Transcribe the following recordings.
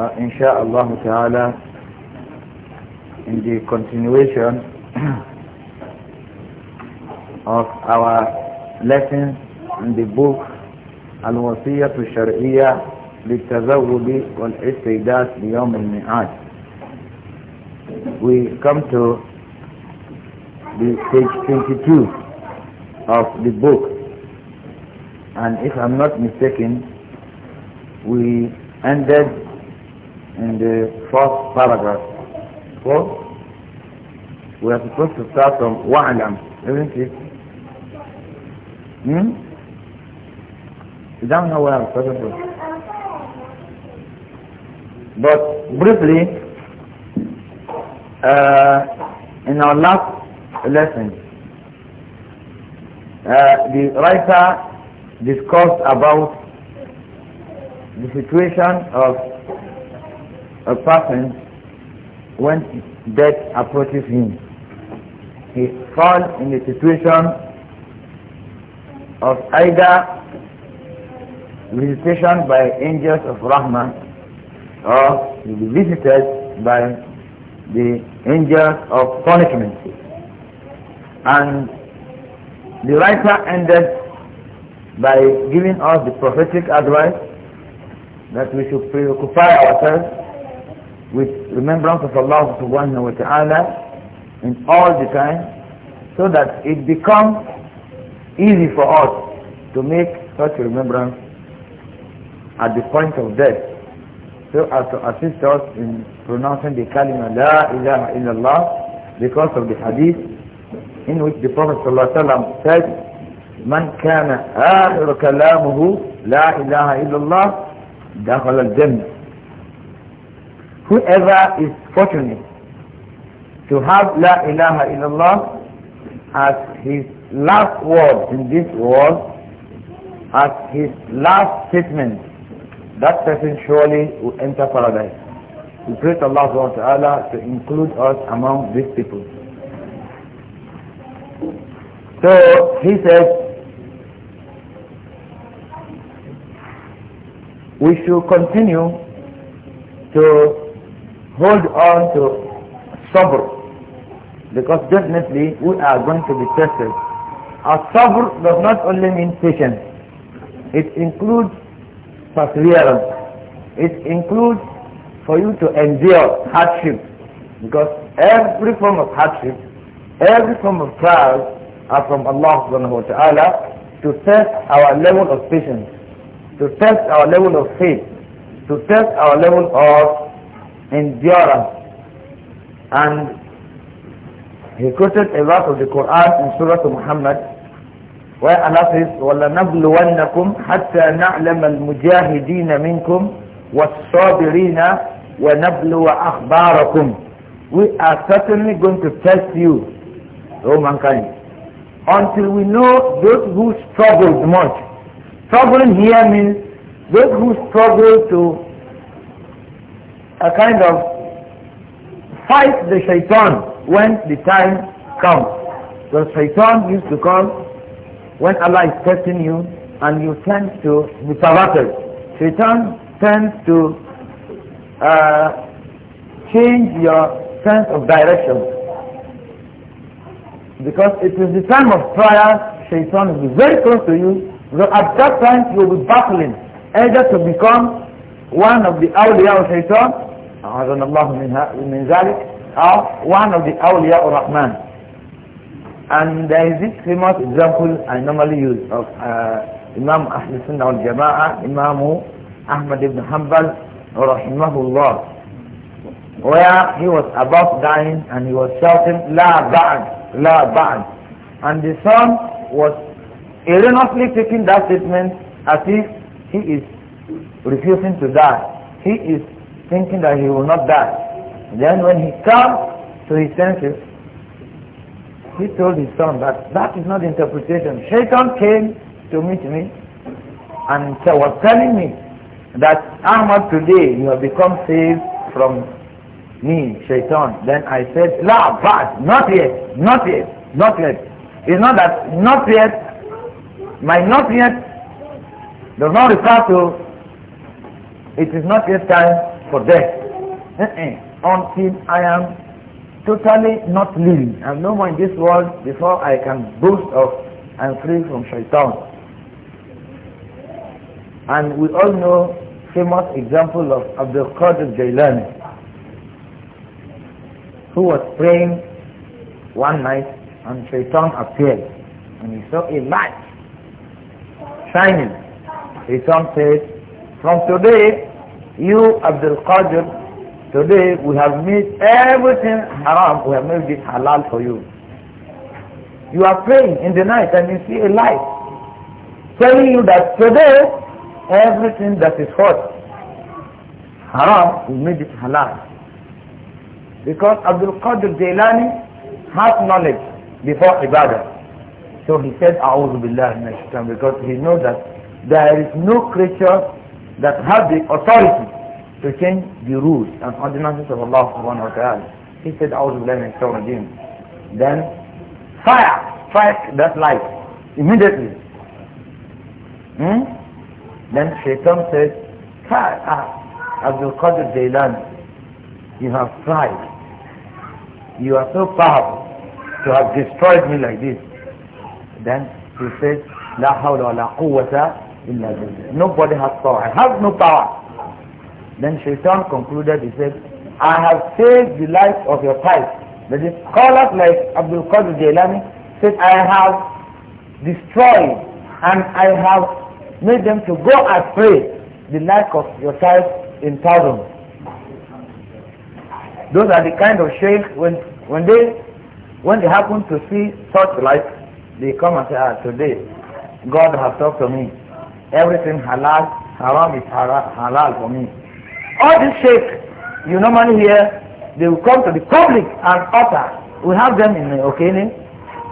uh, inshallah ta'ala in the continuation of our lesson in the book الوصية الشرعية للتزوج والاستيداد ليوم الميعاد we come to the page 22 of the book and if I'm not mistaken we ended in the first paragraph. Four. We are supposed to start from wa'alam, isn't it? Hmm? You don't know where supposed to. But briefly, uh, in our last lesson, uh, the writer discussed about the situation of a person, when death approaches him, he falls in the situation of either visitation by angels of Rahman or he be visited by the angels of punishment. And the writer ended by giving us the prophetic advice that we should preoccupy ourselves with remembrance of Allah subhanahu wa ta'ala in all the time so that it becomes easy for us to make such remembrance at the point of death so as to assist us in pronouncing the kalima la ilaha illallah because of the hadith in which the Prophet ﷺ said من كان آخر كلامه لا إله إلا الله دخل الجنة whoever is fortunate to have La ilaha illallah as his last word in this world, as his last statement, that person surely will enter paradise. We pray to Allah subhanahu wa ta'ala to include us among these people. So he says, we should continue to hold on to sabr because definitely we are going to be tested. Our sabr does not only mean patience. It includes perseverance. It includes for you to endure hardship because every form of hardship, every form of trials are from Allah subhanahu wa ta'ala to test our level of patience, to test our level of faith, to test our level of endurance. And he quoted a verse of the Quran in Surah Muhammad where Allah says, وَلَنَبْلُوَنَّكُمْ حَتَّى نَعْلَمَ الْمُجَاهِدِينَ مِنْكُمْ وَالصَّابِرِينَ وَنَبْلُوَ أَخْبَارَكُمْ We are certainly going to test you, O mankind, until we know those who struggled much. Struggling here means those who struggle to a kind of fight the shaitan when the time comes. The shaitan used to come when Allah is testing you and you tend to be perverted. Shaitan tends to uh, change your sense of direction. Because it is the time of prayer, shaitan will be very close to you. So at that time you will be battling either to become one of the awliya of shaitan أعاذنا الله منها من ذلك أو one of the أولياء الرحمن and there is this famous example I normally use of uh, Imam Ahl Sunnah wal Jama'ah Imam Ahmad ibn Hanbal rahimahullah where he was about dying and he was shouting لا بعد لا بعد, and the son was erroneously taking that statement as if he is refusing to die he is thinking that he will not die. Then when he comes to his senses, he told his son that that is not the interpretation. Shaitan came to meet me and was telling me that Ahmad today you have become saved from me, Shaitan. Then I said, La but not yet, not yet, not yet. It's not that not yet my not yet does not refer to it is not yet time for death uh-uh. until I am totally not living. I'm no more in this world before I can boast of I'm free from shaitan. And we all know famous example of Abdul Qadir Jailani who was praying one night and shaitan appeared and he saw a light shining. Shaitan said, from today you Abdul Qadir today we have made everything haram we have made it halal for you you are praying in the night and you see a light telling you that today everything that is hot haram we made it halal because Abdul Qadir Jailani has knowledge before ibadah so he said a'udhu time because he knows that there is no creature that have the authority to change the rules and ordinances of Allah subhanahu wa ta'ala. He said, أعوذ بالله من الشيطان الرجيم. Then fire, strike that light immediately. Hmm? Then Shaitan said, ah, Abdul Qadir Jailani, you have tried. You are so powerful to have destroyed me like this. Then he says, "La hawla wa la quwwata." Nobody has power. I have no power. Then Shaitan concluded, he said, I have saved the life of your type. That is, scholars like Abdul Qadir Jailani said, I have destroyed and I have made them to go astray the life of your type in thousands. Those are the kind of sheikh when, when they when they happen to see such life, they come and say, ah, today God has talked to me. Everything halal, haram is halal, for me. All this shirk, you normally hear, they will come to the public and offer. We have them in the Okene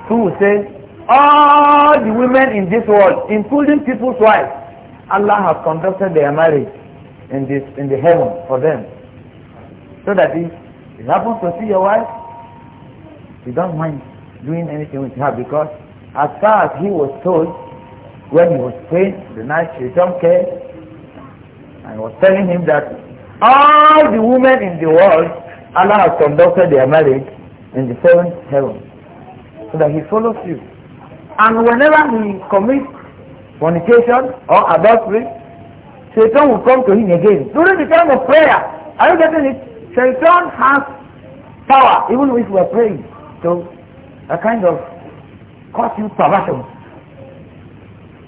who will say, all the women in this world, including people's wives, Allah has conducted their marriage in this in the heaven for them. So that if he happens to see your wife, you don't mind doing anything with her because as far as he was told, when he was praying the night Shaitan came and was telling him that all the women in the world Allah has conducted their marriage in the seventh heaven so that he follows you and whenever he commits fornication or adultery Shaitan will come to him again during the time of prayer are you getting it? Shaitan has power even if we are praying so a kind of cause you perversion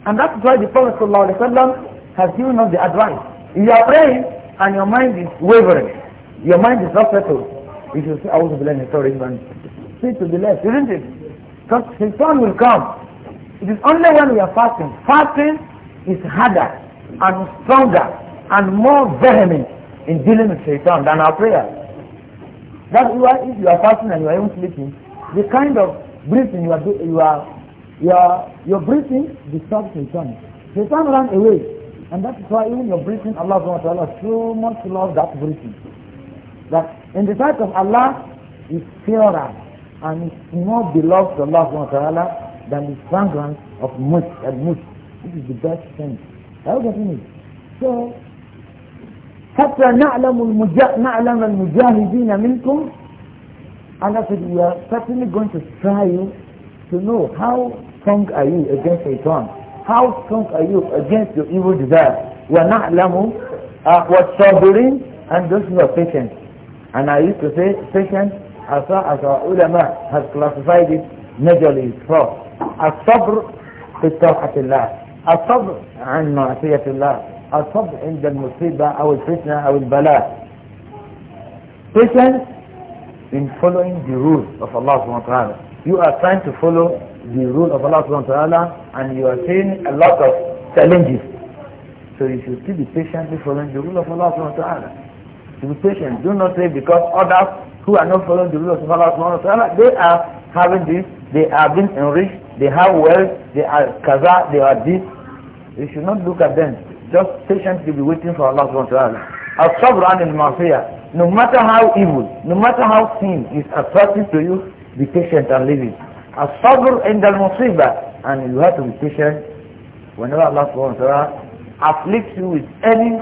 and that's why the Prophet ﷺ has given us the advice. If you are praying and your mind is wavering, your mind is not settled, you should say, I was blame sorry, man. Sit to the left, isn't it? Because Shaitan will come. It is only when we are fasting. Fasting is harder and stronger and more vehement in dealing with Satan than our prayer. That's why if you are fasting and you are even sleeping, the kind of breathing you are, you are your, your breathing disturbs Satan. Satan ran away. And that's why even your breathing, Allah subhanahu wa so much love that breathing. That in the sight of Allah, is purer and is more beloved to Allah subhanahu than the fragrance of musk and musk. This is the best thing. Are you getting it? So, حتى نعلم المجا... نعلم المجاهدين منكم and I said we are certainly going to try you to know how strong are you against shaitan? How strong are you against your evil desire? وَنَعْلَمُ uh, وَالصَّابِرِينَ And those who are patient. And I used to say patient as far as our ulama has classified it majorly is four. الصبر في طاعة الله الصبر عن معصية الله الصبر عند المصيبة أو الفتنة أو البلاء Patience in following the rules of Allah subhanahu wa ta'ala. You are trying to follow the rule of Allah subhanahu wa ta'ala and you are seeing a lot of challenges. So you should still be patiently following the rule of Allah subhanahu wa ta'ala. To be patient. Do not say because others who are not following the rule of Allah subhanahu wa ta'ala, they are having this, they are being enriched, they have wealth, they are kaza, they are this. You should not look at them. Just patiently be waiting for Allah subhanahu wa ta'ala. As-sabr in Mafia, No matter how evil, no matter how sin is attractive to you, be patient and leave it. الصبر عند المصيبة and you have to be patient whenever Allah subhanahu wa afflict afflicts you with any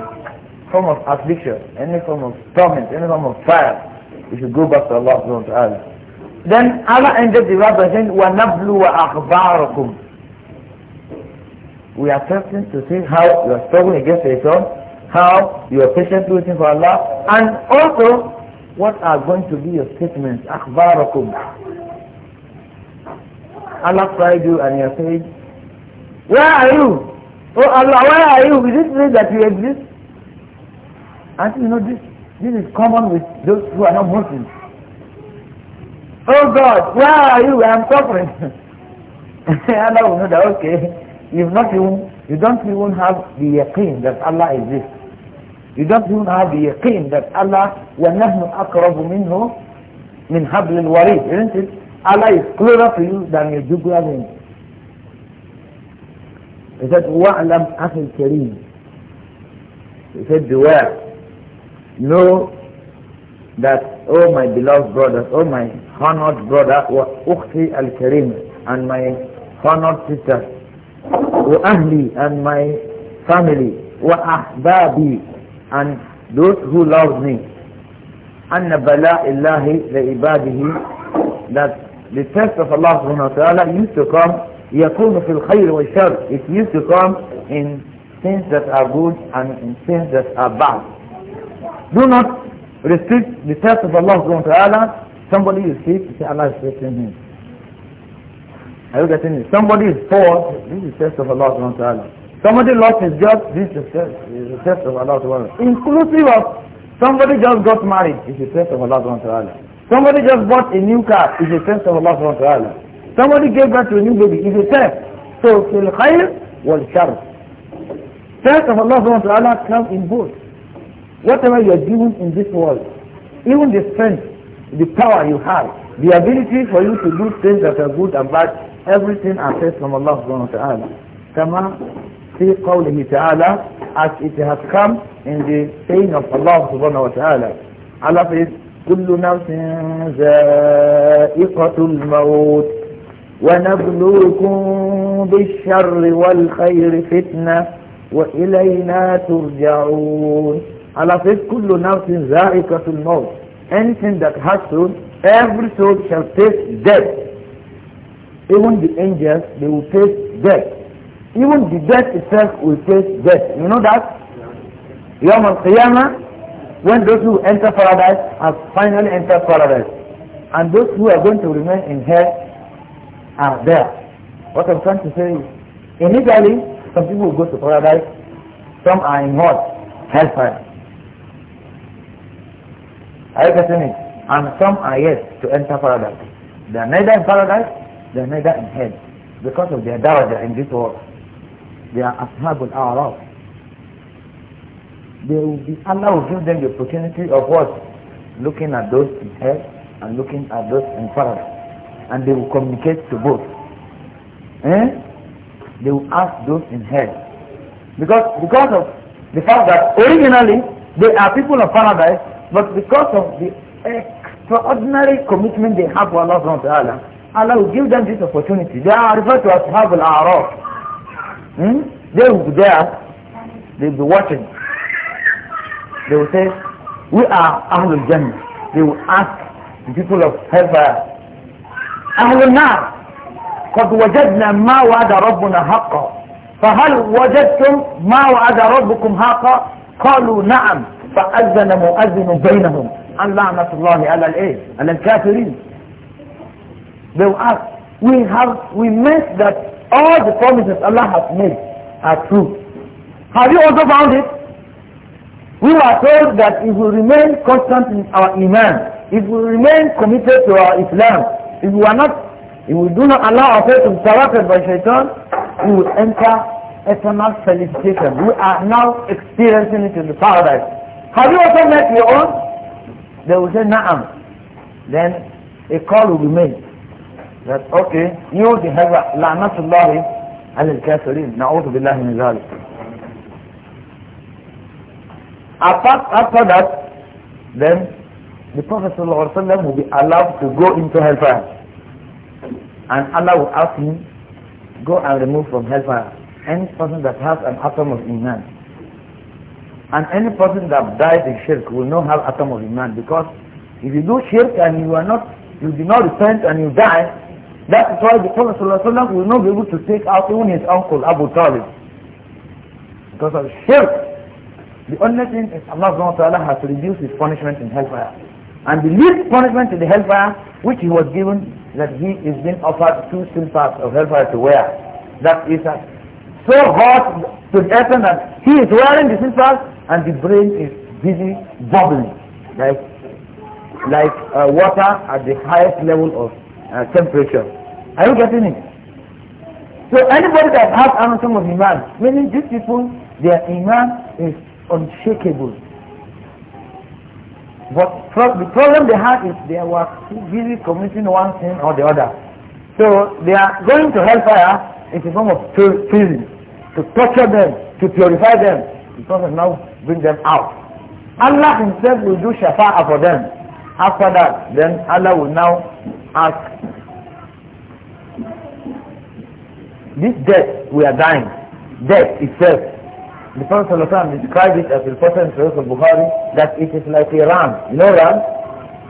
form of affliction, any form of torment, any form of fire, you should go back to Allah subhanahu wa Then Allah ended the verse saying, وَنَبْلُوَ أَخْبَارَكُمْ We are testing to see how you are struggling against Satan, how you are patiently waiting for Allah, and also what are going to be your statements, أَخْبَارَكُمْ Allah cried you and you said, Where are you? Oh Allah, where are you? Is it really that you exist? And you know this this is common with those who are not Muslims. Oh God, where are you? I am suffering. Allah will know that okay. You've not even you don't even have the yaqeen that Allah exists. You don't even have the yaqeen that Allah وَنَحْنُ أَقْرَبُ مِنْهُ مِنْ حَبْلِ الْوَرِيدِ Isn't it? Allah is closer to you than your jugular vein. He said, وَعْلَمْ أَخِي الْكَرِيمِ He said, beware. Know that, oh my beloved brothers, oh my honored brother, وَأُخْتِي الْكَرِيمِ and my honored sister, وَأَهْلِي and my family, وَأَحْبَابِي and those who love me. أَنَّ بَلَاءِ اللَّهِ لِعِبَادِهِ that the test of Allah subhanahu used to come يكون في الخير والشر it used to come in things that are good and in things that are bad do not restrict the test of Allah subhanahu wa ta'ala somebody is sick you say Allah is testing him are you getting it somebody is poor this is test of Allah subhanahu wa ta'ala somebody lost his job this is the test of Allah subhanahu wa ta'ala inclusive of somebody just got married this is the test of Allah subhanahu wa ta'ala Somebody just bought a new car, is a sense of Allah subhanahu wa ta'ala. Somebody gave birth to a new baby, is a sense. So, fil khayr wal shar. Sense of Allah subhanahu wa ta'ala comes in both. Whatever you are given in this world, even the strength, the power you have, the ability for you to do things that are good and bad, everything are sense from Allah subhanahu wa ta'ala. Kama fi qawlihi ta'ala, as it has come in the saying of Allah subhanahu wa ta'ala. Allah says, كل نفس زائقة الموت ونبلوكم بالشر والخير فتنة وإلينا ترجعون على says كل نفس زائقة الموت anything that has soul every soul shall taste death even the angels they will taste death even the death itself will taste death you know that يوم القيامة when those who enter paradise have finally entered paradise and those who are going to remain in hell are there what I'm trying to say is initially some people go to paradise some are in hell hellfire are you getting it and some are yet to enter paradise they are neither in paradise they are neither in hell because of their daraja in this world they are ashabul a'raf they will be, Allah will give them the opportunity of what? Looking at those in hell and looking at those in paradise. And they will communicate to both. Eh? They will ask those in hell. Because, because of the fact that originally they are people of paradise, but because of the extraordinary commitment they have to Allah subhanahu wa ta'ala, Allah will give them this opportunity. They are referred to as Ashab al-A'raf. Hmm? They will be there, they will be watching. they will say, we are Ahlul Jannah. They will ask the people of heaven, Ahlul Nar, قد وجدنا ما وعد ربنا حقا فهل وجدتم ما وعد ربكم حقا قالوا نعم فأذن مؤذن بينهم أن لعنة الله على الإيه على الكافرين they will ask we have we meant that all the promises Allah has made are true have you also found it We were told that if we remain constant in our iman, if we remain committed to our Islam, if we are not, if we do not allow ourselves to be corrupted by shaitan, we will enter eternal felicitation. We are now experiencing it in the paradise. Have you also met your own? They will say, Naam. Then a call will be made that, okay, you the La La'natullahi al-Kafirin, Na'udhu Billahi min Apart after that, then the Prophet ﷺ will be allowed to go into hellfire. And Allah will ask him, go and remove from hellfire any person that has an atom of Iman. And any person that dies in shirk will not have atom of Iman because if you do shirk and you are not, you do not repent and you die, that is why the Prophet ﷺ will not be able to take out even his uncle Abu Talib. Because of shirk, the only thing is Allah subhanahu wa ta'ala has reduce his punishment in hellfire. And the least punishment in the hellfire which he was given that he is being offered two silvers of hellfire to wear. That is uh, so hot to the extent that he is wearing the silvers and the brain is busy bubbling like like uh, water at the highest level of uh, temperature. Are you getting it? So anybody that has Anasam of Iman, meaning these people, their Iman is unshakable. But pro the problem they had is they were too busy committing one thing or the other. So they are going to hellfire in the form of prison to torture them, to purify them, because of now bring them out. Allah himself will do shafa'ah for them. After that, then Allah will now ask, this death we are dying, death itself the Prophet ﷺ described it as the Prophet of bukhari that it is like a ram. You know ram?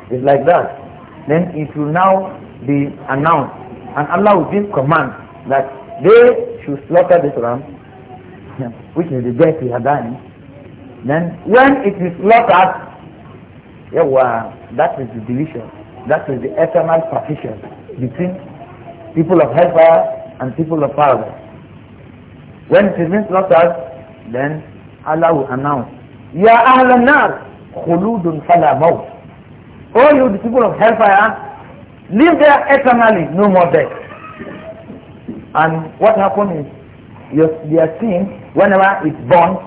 It's like that. Then it will now be announced. And Allah will give command that they should slaughter this ram, which is the death he had done. Then when it is slaughtered, yeah, wow, that is the division. That is the eternal partition between people of hellfire and people of paradise. When it is being slaughtered, then Allah will announce, Ya ahlan nar, khuludun fala maut. All you the people of hellfire, live there eternally, no more death. And what happened is, your, their sin, whenever it's born,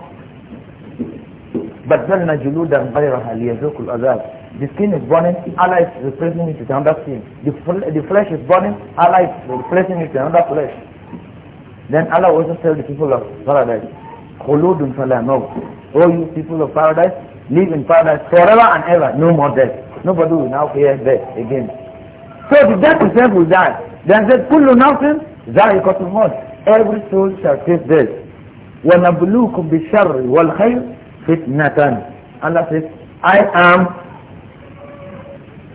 بدلنا جلودا غيرها ليذوقوا العذاب the skin is burning Allah is replacing it with another skin the, the flesh is burning Allah is replacing it with another flesh then Allah also tell the people of paradise khuludun fala maut. Oh, you people of paradise, live in paradise forever and ever, no more death. Nobody will now fear death again. So the death itself will die. Then said, Kullu nafsin, za'iqatul maut. Every soul shall taste death. وَنَبْلُوكُمْ بِالشَّرِّ وَالْخَيْرِ فِتْنَةً Allah says, I am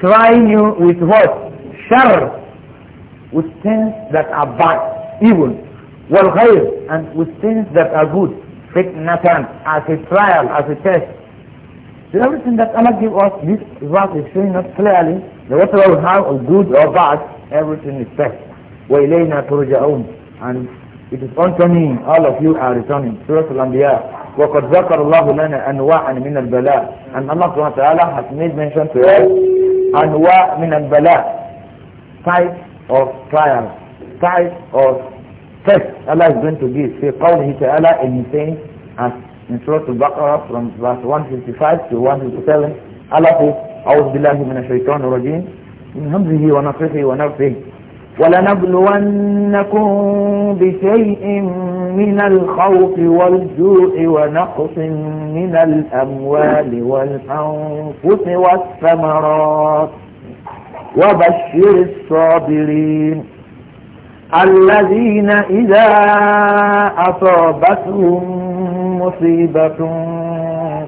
trying you with what? Shar, with things that are bad, evil. وَالْخَيْرِ And with things that are good fitnatan, as a trial, as a test. So everything that Allah gives us, this verse is showing us clearly that whatever we have of good or bad, everything is best. ilayna تُرْجَعُونَ And it is unto me, all of you are returning. Surah Al-Anbiya. وَقَدْ ذَكَرَ اللَّهُ لَنَا أَنْوَاعًا مِنَ الْبَلَاءِ And Allah subhanahu wa ta'ala has made mention to us أَنْوَاعًا مِنَ الْبَلَاءِ type of trial, type of test Allah is going to give في قوله تعالى in his saying as in Surah Al-Baqarah from verse 155 to 157 Allah says أعوذ بالله من الشيطان الرجيم من همزه ونفخه ونفخه ولنبلونكم بشيء من الخوف والجوع ونقص من الأموال والأنفس والثمرات وبشر الصابرين الذين إذا أصابتهم مصيبة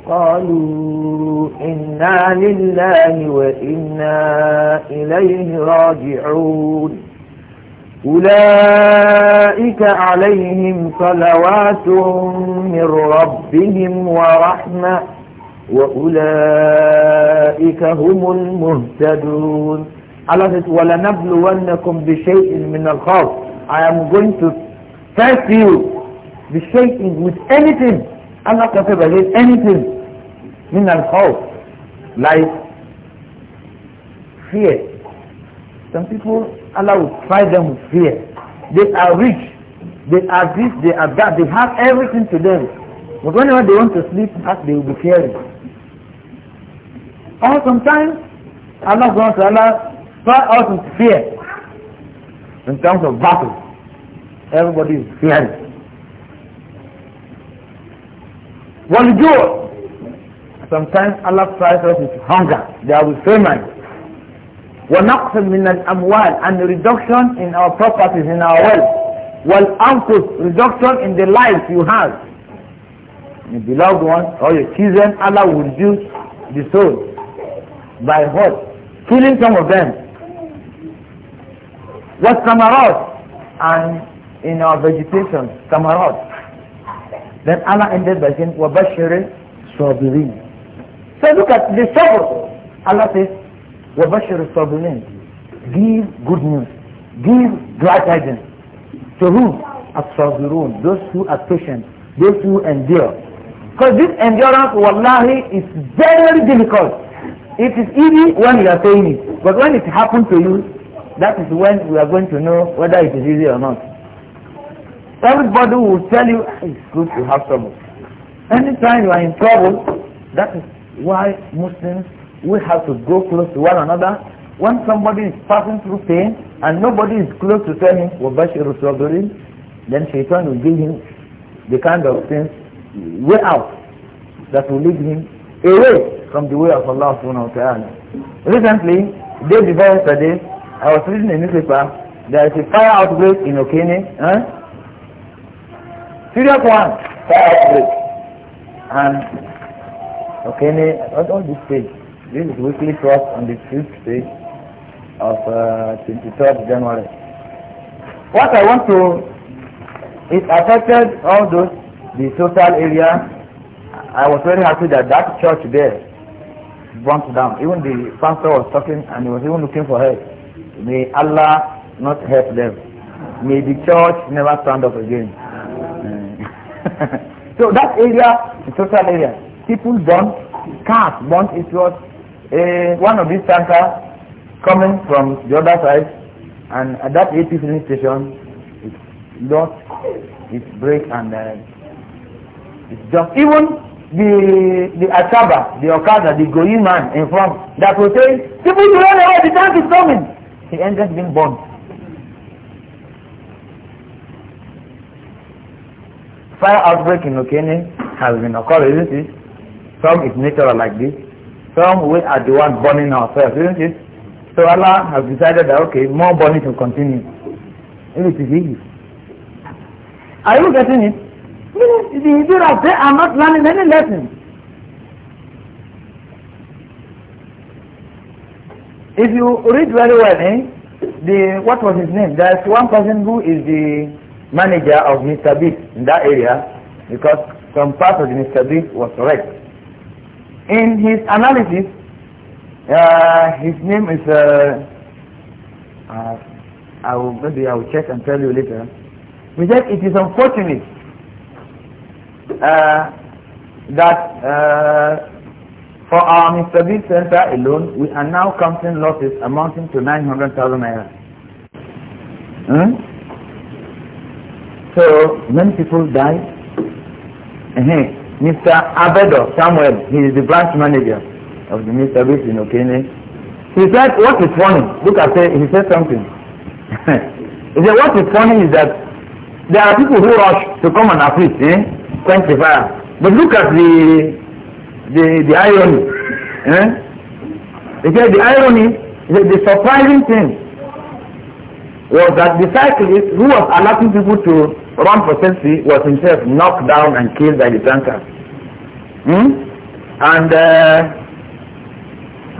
قالوا إنا لله وإنا إليه راجعون أولئك عليهم صلوات من ربهم ورحمة وأولئك هم المهتدون Allah says, وَلَنَبْلُوَنَّكُمْ بِشَيْءٍ مِنَ الْخَوْفِ I am going to test you بِشَيْءٍ with anything. Allah can say again, anything. مِنَ الْخَوْفِ Like fear. Some people, Allah will try them with fear. They are rich. They are this, they are that. They have everything to them. But whenever they want to sleep, as they will be fearing. Or sometimes, Allah wants to Allah far out in fear in terms of battle. Everybody is fearing. والجوع sometimes Allah tries us with hunger there will famine ونقص من الأموال and reduction in our properties in our wealth والأنفس reduction in the life you have your beloved ones or your children Allah will reduce the soul by what? killing some of them what samarat? And in our vegetation, samarat. Then Allah ended by saying, وَبَشِّرِ صَابِرِينَ So look at the sabr. Allah says, وَبَشِّرِ صَابِرِينَ Give good news. Give glad tidings. To whom? As-sabirun. Those who are patient. Those who endure. Because this endurance, wallahi, is very difficult. It is easy when you are saying it. But when it happens to you, that is when we are going to know whether it is easy or not. Everybody will tell you ah, it's good to have trouble. Anytime you are in trouble, that is why Muslims we have to go close to one another. When somebody is passing through pain and nobody is close to tell him Wabashiru Sabrin, then Shaitan will give him the kind of things way out that will lead him away from the way of Allah subhanahu wa ta'ala. Recently, day before yesterday, I was reading a newspaper. There is a fire outbreak in Okene. Huh? Serious one. Fire outbreak. And Okene, what on this page? This is weekly cross on the fifth page of uh, 23rd January. What I want to, it affected all those, the total area. I was very happy that that church there burnt down. Even the pastor was talking and he was even looking for help. May Allah not help them. May the church never stand up again. so that area, the total area, people don't cast, burnt. It was uh, one of these tankers coming from the other side, and at that AP filling station, it lost its break, and uh, it's just even the the Achaba, the Okada, the going man in front that will say, people you don't know the tank is coming. He ended being born. Fire outbreak in Okene has been occurring, isn't it? Some is natural like this. Some we are the ones burning ourselves, isn't it? So Allah has decided that okay, more burning will continue. It is easy. Are you getting it? the Israelites, they are not learning any lesson. If you read very well, eh, the what was his name? There's one person who is the manager of Mr. b in that area because some part of Mr. Beast was correct. In his analysis, uh, his name is. Uh, uh, I will maybe I will check and tell you later. He said it is unfortunate uh, that uh, for our Mr. Center alone, we are now counting losses amounting to 900,000 naira. Hmm? So many people died. Uh -huh. Mr. Abedo Samuel, he is the branch manager of the Mr. Big in Okene. He said, what is funny? Look at He said something. he said, what is funny is that there are people who rush to come and assist, eh? Quench the fire. But look at the the the irony eh? he said the irony the, the surprising thing was that the cyclist who was allowing people to run for safety was himself knocked down and killed by the tanker hmm? and uh,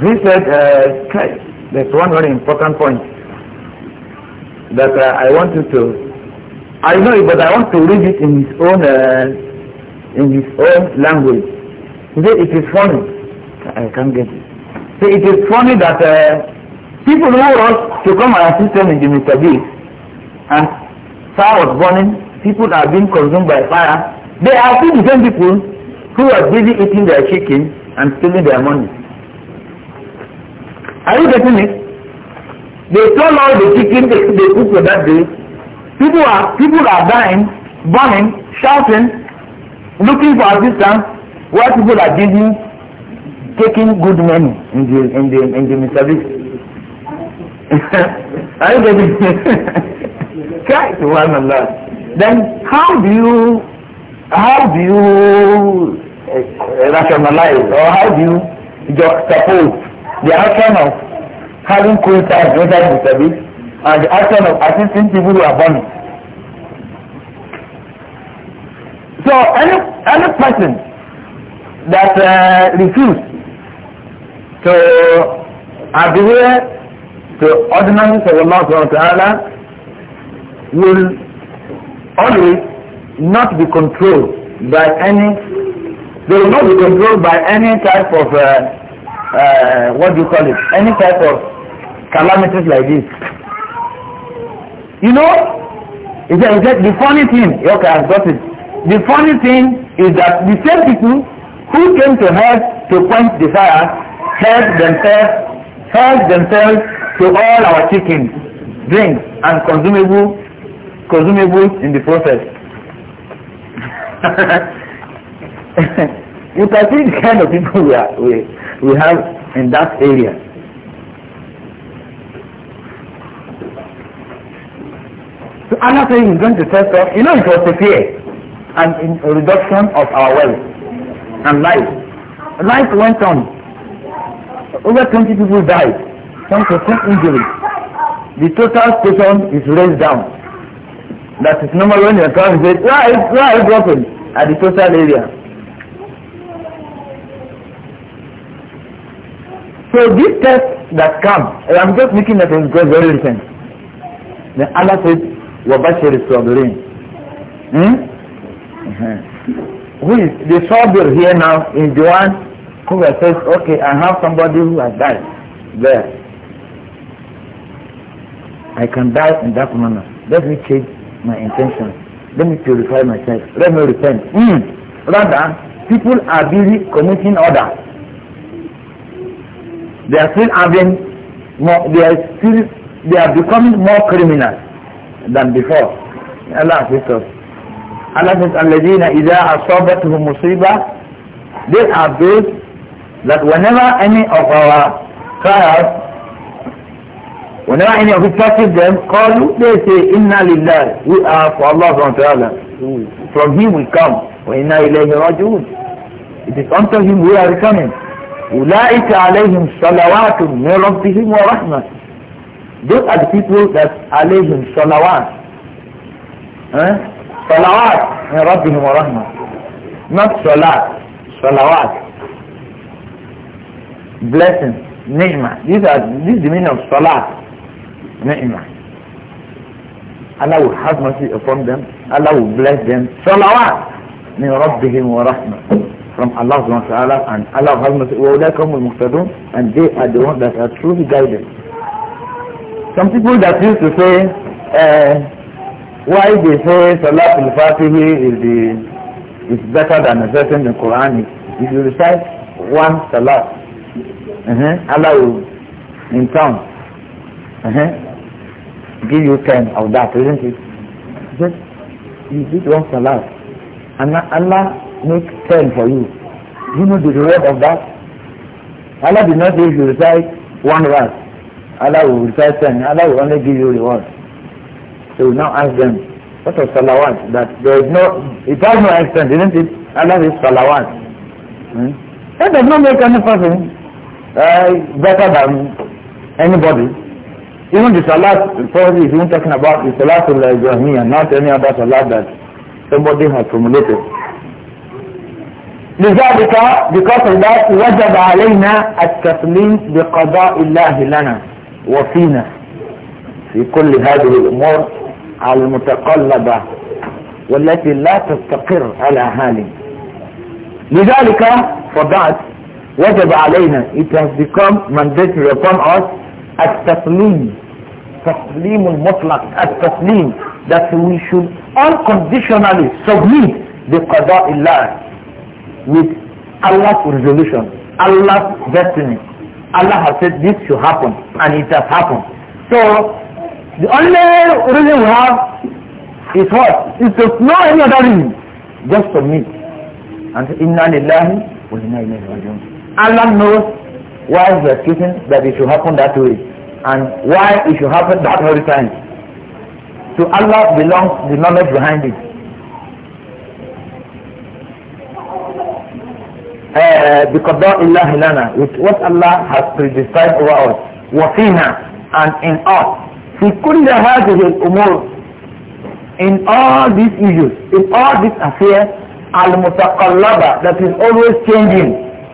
he said uh, there's one very important point that uh, I want you to I know it, but I want to read it in his own uh, in his own language. He said, it is funny. I can't get it. So it is funny that uh, people who want to come and assist them in the Mr. B and fire was burning, people are being consumed by fire. They are still the same people who are busy eating their chicken and stealing their money. Are you getting it? They stole all the chicken they, they cooked for that day. People are people are dying, burning, shouting, looking for assistance, What people are giving, taking good money in the in the in the service? are you getting? Kai, Subhanallah. Then how do you how do you uh, rationalize or how do you juxtapose the action of having time inside the service and the action of assisting people who are burning? So any any person that uh, refuse to adhere to ordinances of Allah subhanahu wa ta'ala will always not be controlled by any they will not be controlled by any type of uh, uh, what do you call it any type of calamities like this you know it's, it's, the funny thing okay I got it the funny thing is that the same people who came to help to quench the fire help themselves help themselves to all our chickens drink and consumable consumables in the process you can see the kind of people we, are, we, we have in that area so not saying he's going to test us you know it was a fear and in reduction of our wealth and life. Life went on. Over 20 people died, some sustained injuries. The total station is raised down. That is normal when you're trying to say, why is, why is dropping at the total area? So this test that come, I'm just making that because very recent. Then Allah said, وَبَشِّرِ الصَّابِرِينَ hmm? uh -huh who is the soldier here now is the one who says, okay, I have somebody who has died there. I can die in that manner. Let me change my intention. Let me purify myself. Let me repent. Mm. Rather, people are busy committing order. They are still having more, they are still, they are becoming more criminal than before. Allah assist us. حلفت الذين إذا أصابتهم مصيبة They are those that whenever any of our trials, whenever any of it touches them, qalu, they say, Inna لله We are for Allah from Allah From Him we come. Wa inna ilayhi rajoon. It is unto Him we are coming. أولئك عليهم صلوات من ربهم ورحمة Those are the people that عليهم صلوات. Huh? صلوات من rabbihim ورحمة، not صلاة، صلوات، blessing ni'ma these are this is the meaning of صلاة، ni'ma Allah will have mercy upon them Allah will bless them صلوات من rabbihim ورحمة from Allah subhanahu wa ta'ala and Allah will have mercy وَأُولَٰئِكَ هُمُ and they are the ones that are truly guided some people that used to say uh, why they say Salatul Fatih is the is better than reciting the Quran if you recite one Salat uh -huh, Allah will in turn uh -huh, give you ten of that isn't it just you did one Salat and Allah make ten for you you know the reward of that Allah did not say if you recite one verse Allah will recite ten Allah will only give you reward So will now ask them, what are salawat? That there is no, it has no extent, isn't it? Allah is salawat. Hmm? That does not make any person uh, better than anybody. Even the salat, probably if even talking about the the Ibrahimiyya, not any other salat that somebody has formulated. لذلك because of that وجب علينا التسليم بقضاء الله لنا وفينا في كل هذه الأمور المتقلبة والتي لا تستقر على أهالي لذلك فبعد وجب علينا it has become mandatory upon us التسليم تسليم المطلق التسليم that we should unconditionally submit قضاء الله with Allah's resolution Allah's destiny Allah has said this should happen and it has happened so The only reason we have is what? Is to know any other reason. Just for me. And inna lillahi wa inna ilayhi raji'un. Allah knows why he has that it should happen that way and why it should happen that very time. To Allah belongs the knowledge behind it. Uh, because الله لنا which what Allah has predestined over us وفينا and in us في كل هذه الأمور in all these issues in all these affairs al-mutaqallaba that is always changing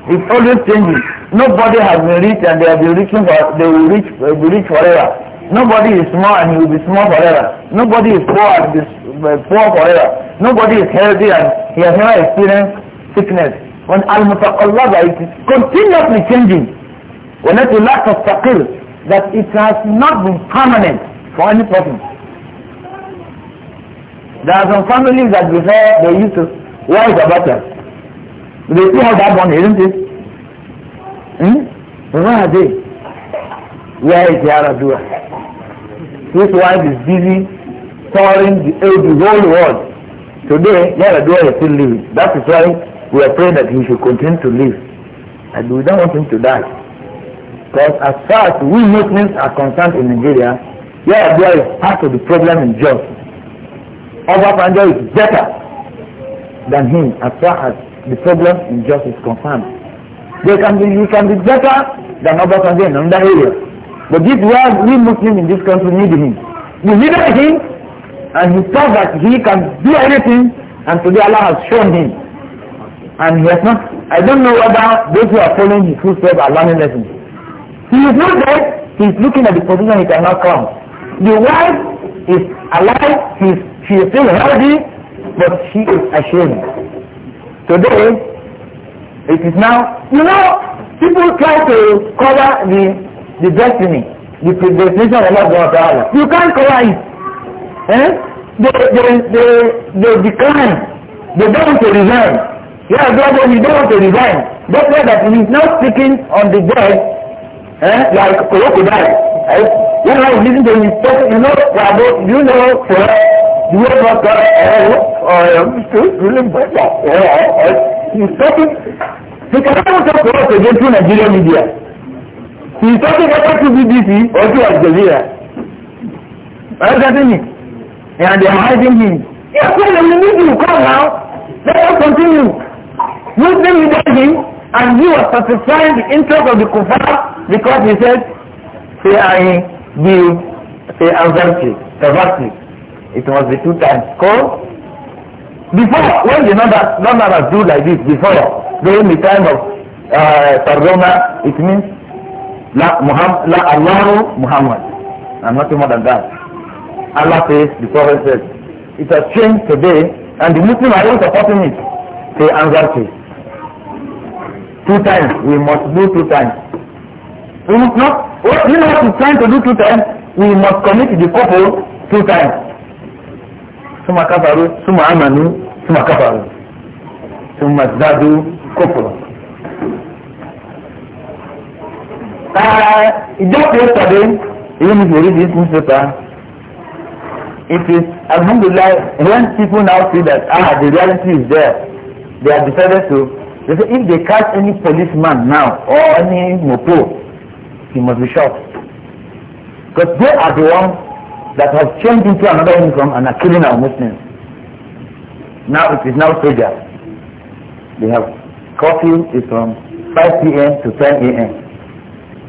it's always changing nobody has been rich and they have been reaching for they will reach they will be rich forever nobody is small and he will be small forever nobody is poor and he will poor forever nobody is healthy and he has never experienced sickness when al-mutaqallaba it is continuously changing وَنَتُ of تَسْتَقِرُ that it has not been permanent for any person. There are some families that before they used to wear the butter. They see how that one, isn't it? Hmm? Where are they? Where is Yara Dura? His wife is busy touring the, uh, the whole world. Today, Yara Dura is still living. That is why we are praying that he should continue to live. And we don't want him to die. Because as far as we Muslims are concerned in Nigeria, yeah, there is part of the problem in Jos. Obasanjo is better than him as far as the problem in justice is concerned. They can be, you can be better than Obasanjo in another area. But this world, we Muslims in this country need him. We needed him and he thought that he can do anything and today Allah has shown him. And he has not, I don't know whether those who are following his footsteps are learning lessons. He is not he is looking at the position he cannot come. The wife is alive, she is, she is still healthy, but she is ashamed. Today, it is now, you know, people try to cover the, the destiny, the predestination of Allah You can't cover it. Eh? They, they, they, they decline. They don't want to resign. Yeah, brother, we don't want to resign. That's why that he is not speaking on the dead Eh? Like crocodile. Eh? You know, listen to me. You know, Prabhu, you know, sir, you know what God is, or I'm still feeling better. Eh, eh, He's talking, he cannot talk to us again through Nigerian media. He's talking about to BBC or to Al Jazeera. Understand me? And they are hiding him. Yes, well, we need you. Come now. Let us continue. Muslim leader him, and he was satisfying the interest of the kuffar because he said say I give say anxiety perversity it must be two times call before when the number number do like this before during the time of uh, it means la, Muhammad, la Allah Muhammad and nothing more than that Allah says the prophet said, it has changed today and the Muslim are not supporting it say anxiety two times we must do two times We must not, We you know what he's trying to do two times? We must commit the couple two times. Suma kafaru, suma amanu, suma kafaru. Suma zadu, couple. Uh, just yesterday, even if you read this newspaper, it is alhamdulillah when people now see that ah the reality is there they have decided to they say if they catch any policeman now or any mopo he must be shot. Because they are the ones that have changed into another income and are killing our Muslims. Now it is now soldiers. They have curfew is from 5 p.m. to 10 a.m.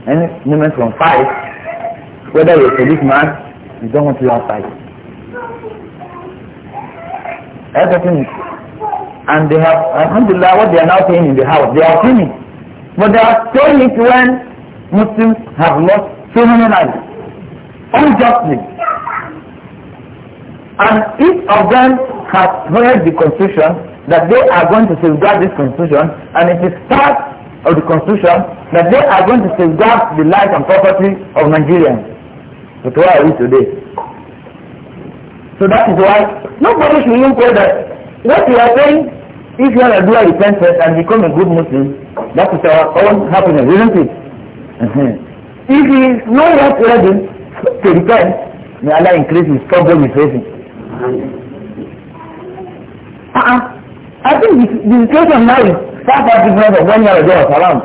Any moment from 5, whether you're a policeman, you don't want to outside. Everything is. And they have, alhamdulillah, what they are now saying in the house, they are cleaning. But they are saying it when Muslims have lost so many lives unjustly. And each of them has read the constitution that they are going to safeguard this constitution and it is part of the constitution that they are going to safeguard the life and property of Nigerians. But where are we today? So that is why nobody should even say that what you are saying, if you are a doer repentance and become a good Muslim, that is our own happiness, isn't it? if he is no yet ready to repent may allah increase his problem he's facing uh-uh. i think the, situation now is far far different from when yahya was around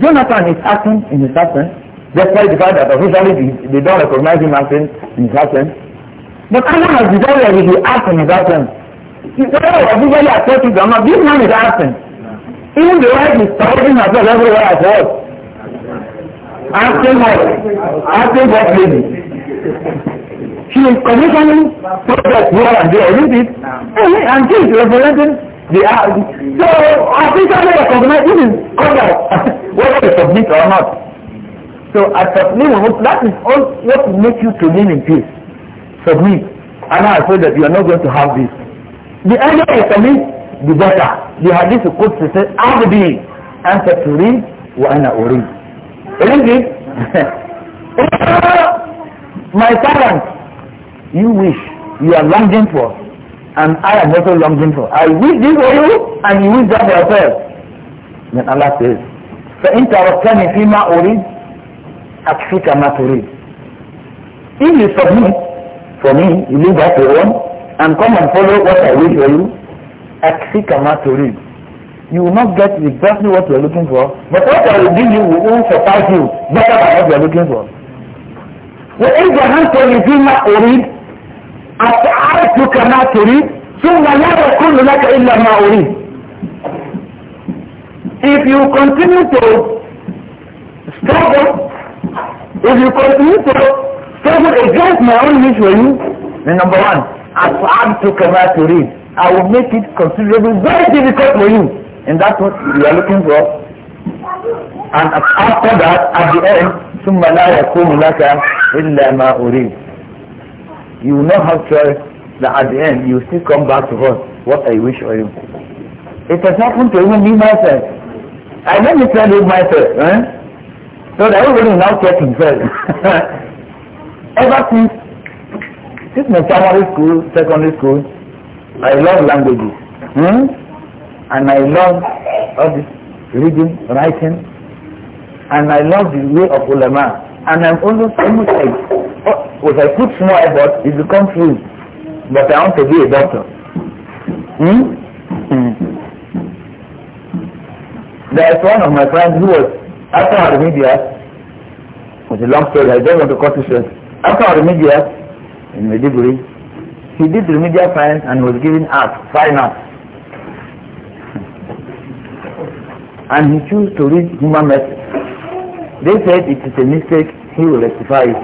jonathan is acting in his absence despite the fact that officially they don't recognize him acting in his absence but allah has decided that he will act in his absence whether oh, officially told or not this man is acting even the wife is surrounding herself everywhere at work After what? After what lady? She is commissioning projects here and there, isn't it? And she is representing the art. So, officially recognized, this is conduct, whether you submit or not. So, at submit, that is all what makes you to live in peace. Submit. And I afraid that you are not going to have this. The earlier you submit, the better. The hadith of Qudsi says, I will be. to read." تريد وأنا أريد Eléyìí, my parents, you wish, you are longing for, and I am also longing for. I wish this for you, and you wish that for yourself. Then Allah says, فإن تركتني فيما أريد أكفيك ما تريد. If you submit for me, you leave that alone, and come and follow what I wish for you, أكفيك ما تريد you will not get exactly what you are looking for, but what I will give you will surpass you better than what you are looking for. وإن جهلت بما أريد أسعرتك ما تريد ثم لا يكون لك إلا ما أريد. If you continue to struggle, if you continue to struggle against my own wish for you, then number one, as أسعرتك ما تريد. I will make it considerably very difficult for you. And that's what we are looking for. And after that, at the end, ثم لا يكون لك إلا ما أريد. You will not have choice that at the end you still come back to us what I wish for you. It has happened to even me myself. I let me tell you myself. Eh? So that everybody will now check himself. Ever since, since my primary school, secondary school, I love languages. Hmm? and I love all this reading, writing, and I love the way of ulama. And I'm almost almost like, oh, if I put more effort, it becomes true. But I want to be a doctor. Hmm? hmm? There is one of my friends who was after our media. It's a long story. I don't want to cut it short. After our media in degree, he did remedial science and was given arts, fine arts. and he chose to read human message. They said it is a mistake, he will rectify it.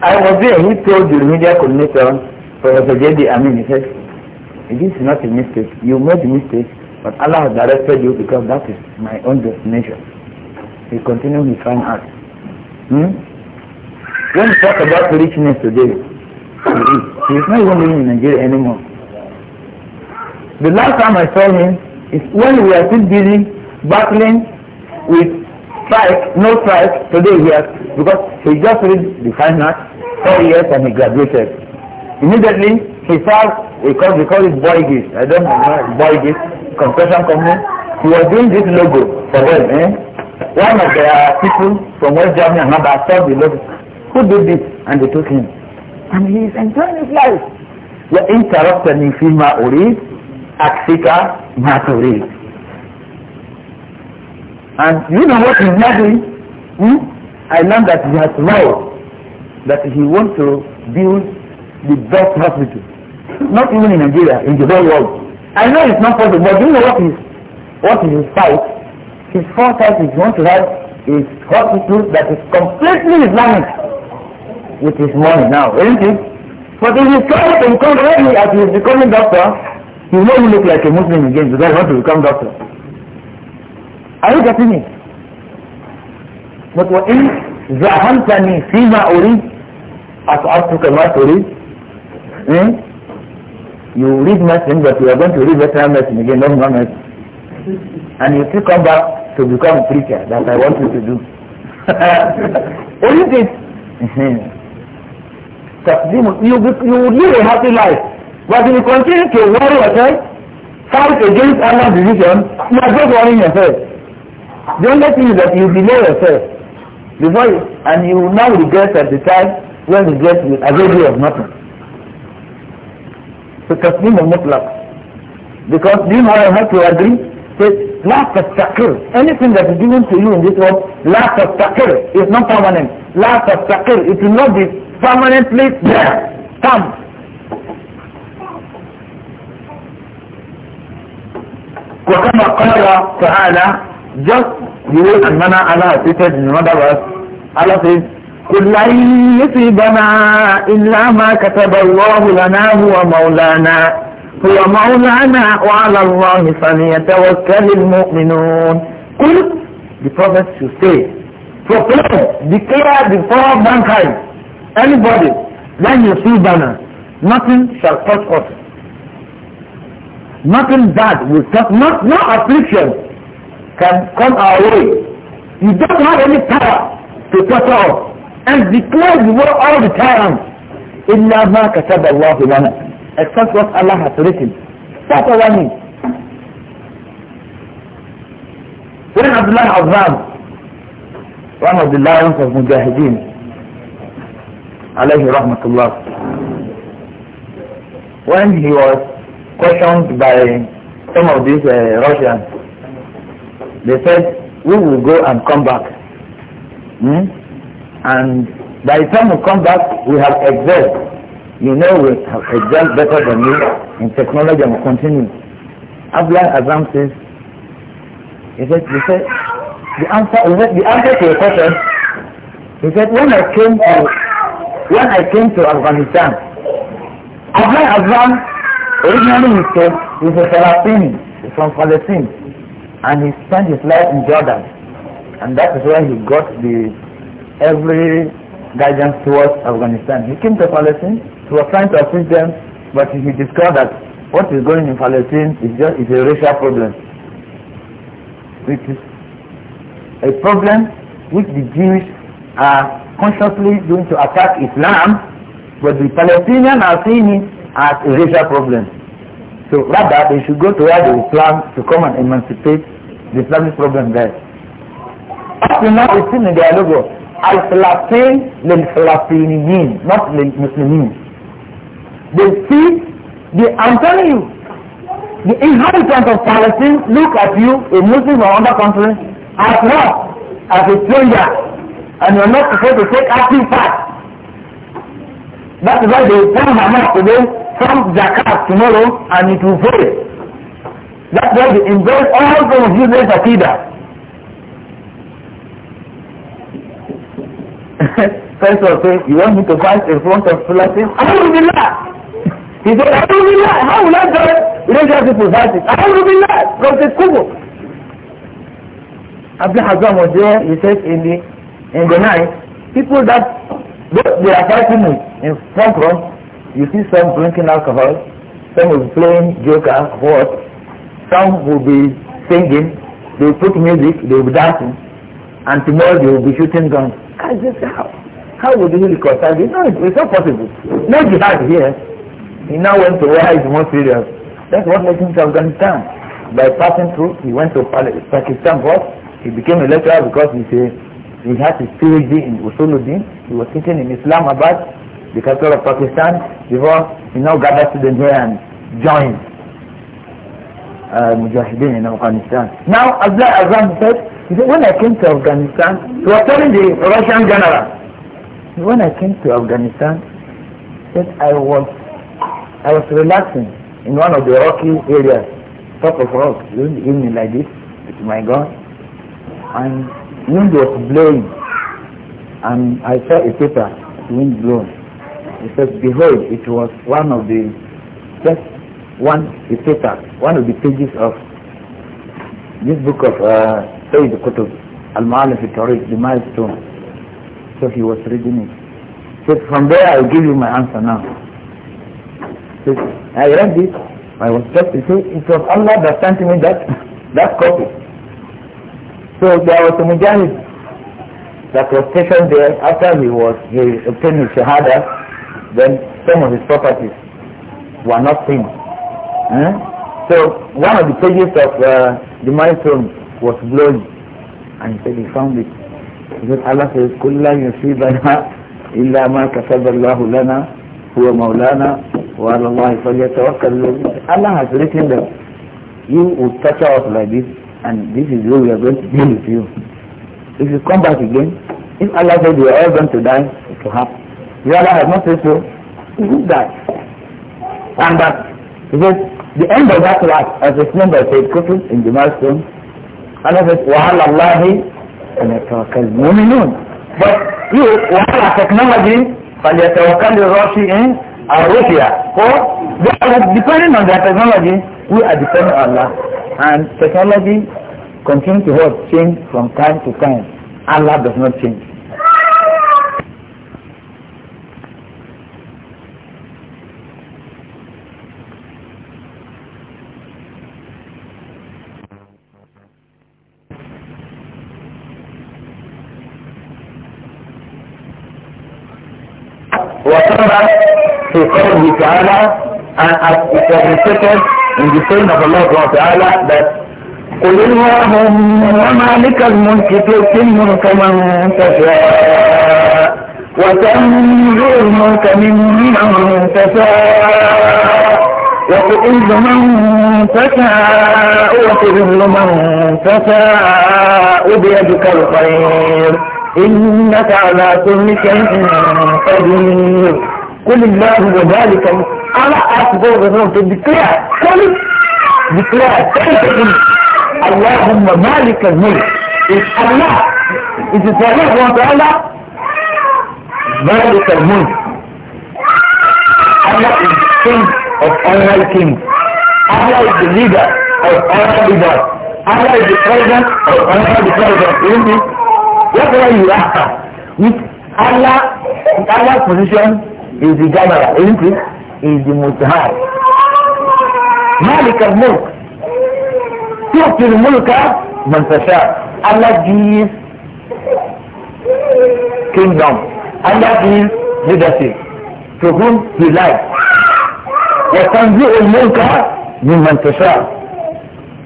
I was there, he told the media coordinator, Professor J.D. Amin, he said, this is not a mistake, you made a mistake, but Allah has directed you because that is my own destination. He continued his fine art. Hmm? When we talk about richness today, he is. He is not even living in Nigeria anymore. The last time I saw him is when we are still busy battling with strike, no strike today here because he just read the final four years and he graduated. Immediately he served, we call, we call it Boygis, I don't know, Boygis, compression company. He was doing this logo for them. Eh? One of their people from West Germany, another, saw the logo. Who did this? And they took him. And he is enjoying his life. وإن تركتني فيما أريد أكفك ما تريد And you know what is happening? Hmm? I learned that he has vowed that he wants to build the best hospital. Not even in Nigeria, in the whole world. I know it's not possible, but you know what is what is his fight? His first fight is he wants to have a hospital that is completely Islamic with his money now, isn't it? But if he trying to become ready as he is becoming doctor, he won't look like a Muslim again because he wants to become doctor. أريد أتني وإن زعمتني فيما أريد أسعرتك ما تريد إيه؟ you read nothing but you are going to read better message again long message and you still come back to become a preacher that I want you to do isn't it تقديم you, you live a happy life but you continue to worry yourself fight against Allah's decision you are just worrying yourself The only thing is that you delay yourself before you, and you will now regret at the time when get with a value of nothing. So taslim al mutlaq. Because do you know how to agree? Say, la tastaqir. Anything that is given to you in this world, of tastaqir is not permanent. of tastaqir, it will not be permanently there. Come. وكما قال تعالى just the way and manner Allah has stated in another verse, Allah says, قل لن يصيبنا إلا ما كتب الله لنا هو مولانا هو مولانا وعلى الله فليتوكل المؤمنون قل the prophet should say proclaim declare before mankind anybody لن يصيبنا nothing shall touch us nothing bad will touch not no affliction can come our way. You don't have any power to cut off and declare the war all the time. إِلَّا مَا كَتَبَ اللَّهُ لَنَا Except what Allah has written. That's all I mean. When Abdullah Azam, one of the lions of Mujahideen, alayhi rahmatullah, when he was questioned by some of these uh, Russians, They said, we will go and come back. Hmm? And by the time we come back, we have excelled. You know we have excelled better than you in technology and we continue. Abdullah Azam says, he said, he said, the answer, he said, the answer to your question, he said, when I came to, when I came to Afghanistan, Abdullah Azam originally he said, he's a Palestinian, he's from Palestine and he spent his life in Jordan and that is where he got the every guidance towards Afghanistan. He came to Palestine, he was trying to assist them, but he discovered that what is going in Palestine is just is a racial problem. is a problem which the Jews are consciously going to attack Islam, but the Palestinians are seeing it as a racial problem. So rather they should go to where they plan to come and emancipate the islamic problem there But to now it's in the dialogue: al-falafin lil-falafiniyin not lil-muslimin they see the i'm telling you the inhabitants of palestine look at you a muslim or other country as what as a stranger and you're not supposed to take active part that is why they tell hamas today from zakat tomorrow and it will fail That's why they embrace all those useless akidah. First of all, you want me to fight in front of Philistines? Alhamdulillah! He said, Alhamdulillah! How will I do? don't it. join religious people fighting? Alhamdulillah! the Kubo! Abdul Hazam was there, he said in the, in the night, people that they are fighting with in front row, you see some drinking alcohol, some is playing joker, what, some will be singing, they will put music, they will be dancing, and tomorrow they will be shooting guns. just how? How would you reconcile this? No, it's not possible. No jihad here. He now went to where it's more serious. That's what led him to Afghanistan. By passing through, he went to Pakistan first. He became a lecturer because he said he had his PhD in Usuluddin. He was sitting in Islamabad, the capital of Pakistan, before he now gathered students here and joined Mujahideen in Afghanistan. Now, as Azam said, he said, when I came to Afghanistan, he was telling the Russian general, when I came to Afghanistan, said I was, I was relaxing in one of the rocky areas, top of rock, during the evening like this, with my gun, and wind was blowing, and I saw a paper, wind blown. He says, behold, it was one of the just one is paper, one of the pages of this book of uh, Sayyid uh, Qutb, Al-Ma'alim al Tariq, The Milestone. So he was reading it. Said, from there I'll give you my answer now. Said, I read this. I was just to say, it was Allah that sent me that, that copy. So there was a mujahid that was stationed there after he was, he obtained his shahada, then some of his properties were not seen Eh? So one of the pages of uh, the milestone was blown and he said he found it. Because Allah says, قُلْ لَا illa ma kasaballahu lana huwa maulana wa مَوْلَانَا وَعَلَى Allah has written that you will touch us like this and this is where we are going to deal with you. If you come back again, if Allah said we are all going to die, it will happen. If Allah has not said so, you will die. And that, he says, The end of that life, as it's number said, Kufr in the milestone, Allah says, وَعَلَى اللَّهِ فَلْيَتَوَكَّلِ الْمُؤْمِنُونَ But you, وَعَلَى technology, فَلْيَتَوَكَّلِ الرَّاشِئِينَ or Russia. So, they are depending on their technology, we are depending on Allah. And technology continues to what? Change from time to time. Allah does not change. whatever he called with Allah and as it was recited in the saying of Allah subhanahu wa ta'ala that قل اللهم ومالك الملك تؤتي الملك من تشاء وتنزع الملك ممن تشاء وتعز من تشاء وتذل من تشاء بيدك الخير إنك على كل شيء قدير كل الله وذلك على أكبر غيرهم الذكرى كل ذكرى تذكر اللهم مالك الملك الله إذا سأله وتعالى مالك الملك الله is the king of all kings. Allah is the leader of all leaders. Allah is the president of all the presidents. whatever you are, with Allah, Allah's position is the general, isn't it? Is the most high. Malik al-Mulk. Tu'ti al-Mulka man Allah gives kingdom. Allah gives leadership to whom he likes. وتنزيع الملك ممن تشاء.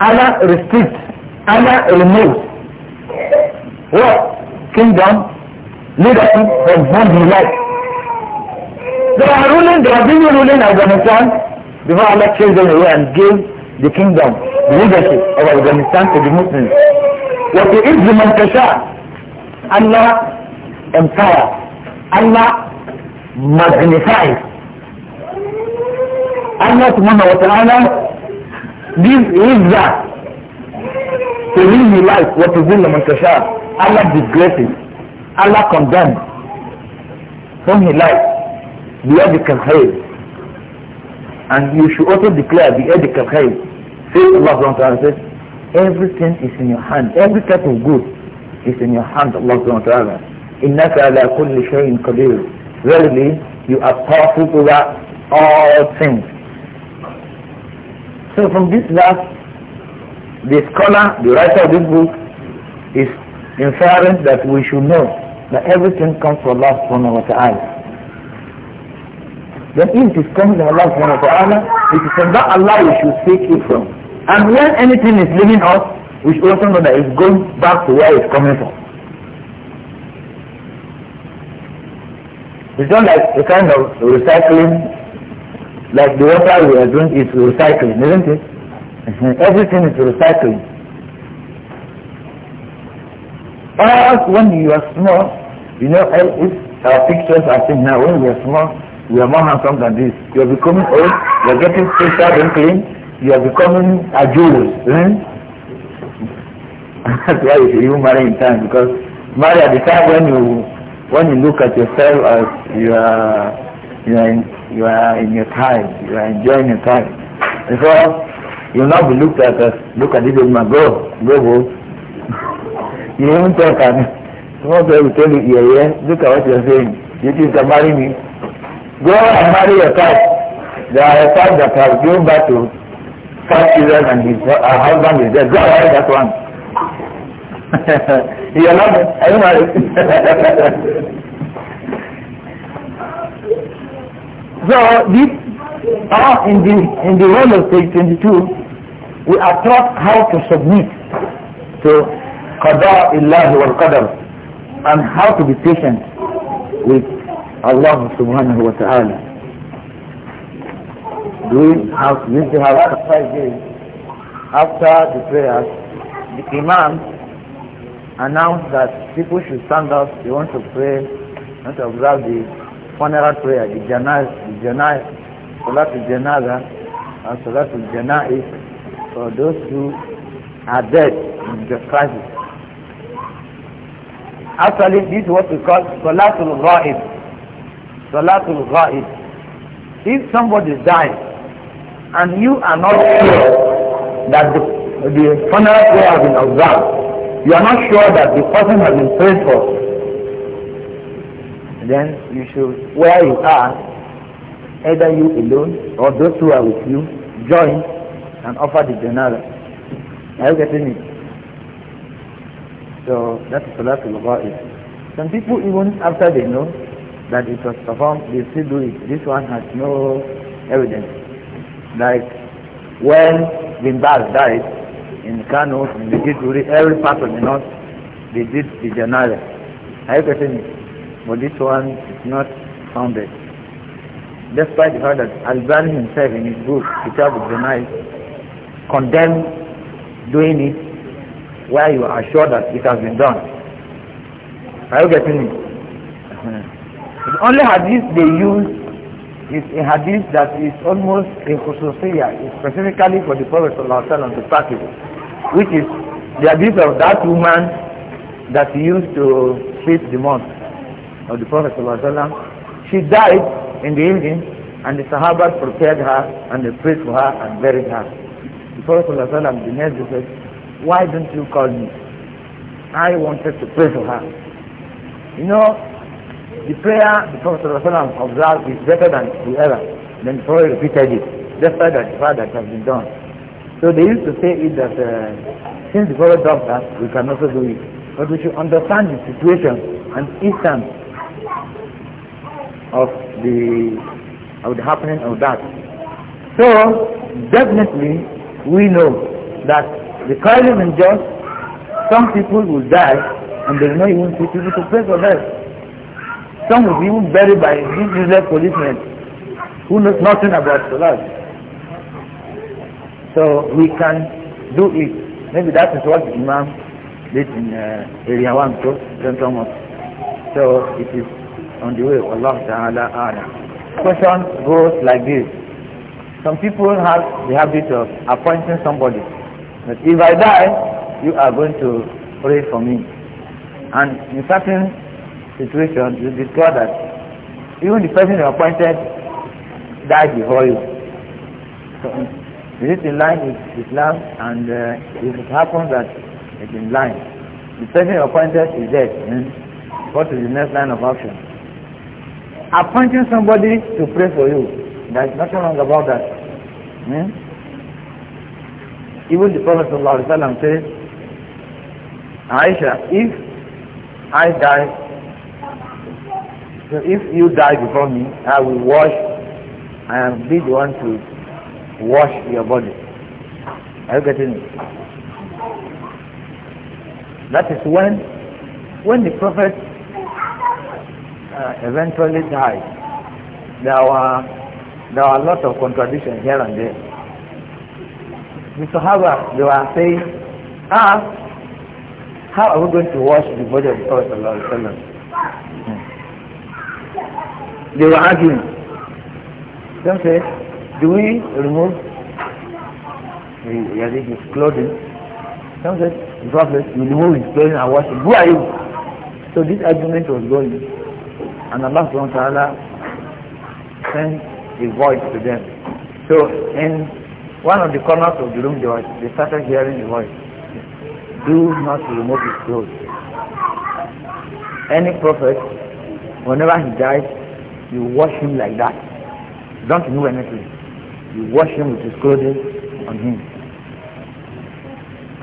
Allah restricts. Allah removes. what kingdom leadership has not been like. They are ruling, they have been ruling Afghanistan before Allah chased them away and gave the kingdom, the leadership of Afghanistan to the Muslims. is the Mantasha? Allah empire, Allah magnifies. Allah subhanahu wa ta'ala gives izzah to live the life what in the تَشَاءُ Allah disgraces, Allah condemns whom He likes, بيدك الخير. And you should also declare بيدك الخير. Say, Allah subhanahu wa ta'ala says, everything is in your hand, every type of good is in your hand, Allah subhanahu wa ta'ala. إنك على كل شيء قدير. Verily, you are powerful over all things. So from this verse, the scholar, the writer of this book, is inferring that we should know that everything comes from Allah subhanahu wa ta'ala. Then if it comes from Allah subhanahu wa ta'ala, it is from that Allah we should seek it from. And when anything is leaving us, we should also know that it's going back to where it's coming from. It's not like a kind of recycling, like the water we are doing is recycling, isn't it? Everything is recycling. us when you are small, you know, if our pictures are seen now, when we are small, we are more handsome than this. You are becoming old, you are getting fatter and clean, you are becoming a Jew. Eh? That's why you should even marry in time because marry at the time when you when you look at yourself as you are you are in, you are in your time, you are enjoying your time. Therefore, so, you'll not be looked at as look at this old man, go, go, go. you won't talk and someone will tell you, yeah, look at what you're saying. You think to marry me? Go and marry your type. There are a type that has given birth to five children and his uh, husband is there. Go and marry that one. you're not, are you married? so this, uh, in the in the world of page 22, we are taught how to submit to qada illahi wal qadar and how to be patient with Allah subhanahu wa ta'ala we have we used to have five days after the prayers the imam announced that people should stand up they want to pray want to observe the funeral prayer the janaz the janaz salat al janaza and salat janaz for those who are dead in the crisis Actually, this is what we call Salatul Ghaib. Salatul Ghaib. If somebody dies and you are not sure that the, the funeral prayer has been observed, you are not sure that the person has been prayed for, then you should, where you are, either you alone or those who are with you, join and offer the janazah. Are you getting it? So that is Salatul Ghaib. Some people even after they know that it was performed, they still do it. This one has no evidence. Like when Bin Baz died in Kano, they did every part of the north, they did the Janale. Are you getting it? But this one is not founded. Despite the fact that Albani himself in his book, Kitab al condemned doing it where you are sure that it has been done. Are you getting me? The only hadith they use is a hadith that is almost a khususiyya, specifically for the Prophet and to practice, which is the hadith of that woman that used to feed the month of the Prophet She died in the evening and the Sahaba prepared her and they prayed for her and buried her. The Prophet the next day said, Why don't you call me? I wanted to pray for her. You know, the prayer the Prophet observed is better than whoever. Then the Prophet repeated it. That's why that that has been done. So they used to say it that uh, since the Prophet does that, we can also do it. But we should understand the situation and instance of the of the happening of that. So definitely we know that the column and just, some people will die and there will not even be people to pray for them. Some will be even buried by these useless policemen who knows nothing about Salat. So we can do it. Maybe that is what the Imam did in uh, Area 1, so Central Mosque. So it is on the way. Allah Ta'ala Ana. Question goes like this. Some people have the habit of appointing somebody but if I die, you are going to pray for me. And in certain situations, you discover that even the person you appointed died before you. So, is it in line with Islam? And uh, if it happens that it's in line, the person you appointed is dead. And what is the next line of action? Appointing somebody to pray for you. There's nothing wrong about that. Hmm? Even the Prophet ﷺ says, Aisha, if I die, so if you die before me, I will wash, I am be the one to wash your body. Are you getting it? That is when, when the Prophet uh, eventually died, there were, there were a lot of contradictions here and there the Sahaba, they were saying, ah, how are we going to wash the body of the Prophet hmm. They were arguing. Some say, do we remove the, his clothing? Some say, the Prophet, you remove his clothing and wash it. Who are you? So this argument was going. And Allah subhanahu wa ta'ala sent a voice to them. So in one of the corners of the room they, were, they started hearing a voice do not remove his clothes any prophet whenever he dies you wash him like that don't do anything you wash him with his clothing on him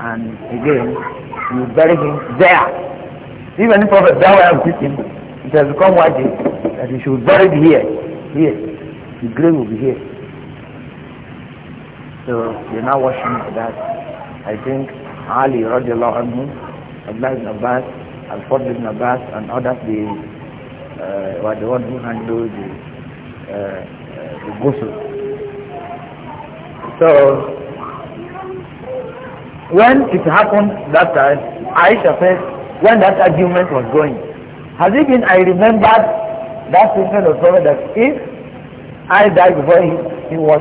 and again you bury him there if any prophet die while him, it has become wajib that he should be buried here here the grave will be here so we're now watching that. I think Ali radiallahu anhu, Abdullah ibn Abbas, Al-Fadl ibn Abbas and others the uh, were the one who handled the, uh, uh, the ghusl. So when it happened that time, Aisha said, when that argument was going, has it been I remembered that statement of Prophet that if I died before he, he was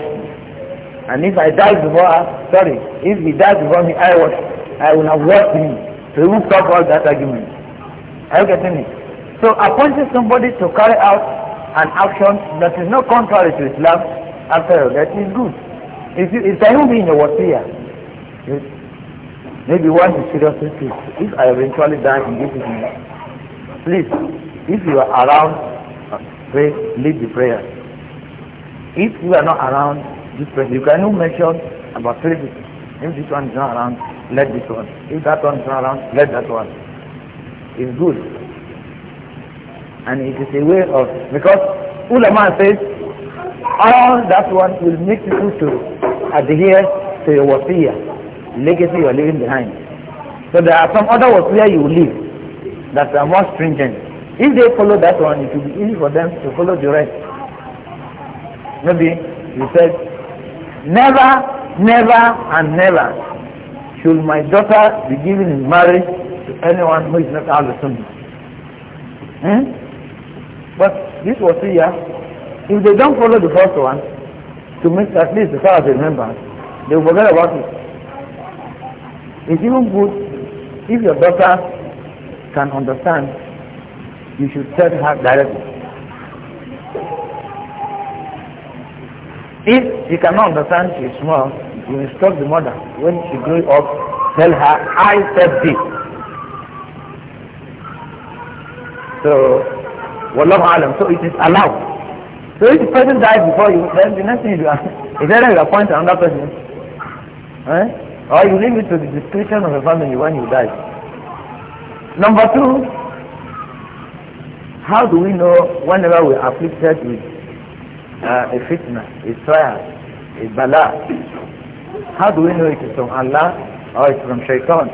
and if I die before her, sorry, if he dies before me, I was, I will have worked him. So he will stop all that argument. Are you getting it? So appointing somebody to carry out an action that is not contrary to Islam, after all, that is good. If you, if I will be in a wasiya, maybe one is serious. sick. If I eventually die in this evening, please, if you are around, pray, lead the prayer. If you are not around, this person. You can mention about three people. If this one is not around, let this one. If that one is not around, let that one. It's good. And it is a way of, because ulama says, all that one will make people to adhere to your wasiyah, legacy you are leaving behind. So there are some other wasiyah you leave that are more stringent. If they follow that one, it will be easy for them to follow the rest. Maybe you said Never, never, and never should my daughter be given in marriage to anyone who is not al Sunnah. Hmm? But this was here. If they don't follow the first one, to make at least the far as they remember, they will forget about it. It's even good if your daughter can understand, you should tell her directly. If she cannot understand she is small, you instruct the mother when she grows up, tell her, I said this. So, Wallahu alam, so it is allowed. So if the person dies before you, then the next thing you do ah, is either you appoint another person, eh? or you leave it to the discretion of the family when you die. Number two, how do we know whenever we afflicted with uh, a fitna, a trial, a bala. How do we know it is from Allah or it's from shaitan?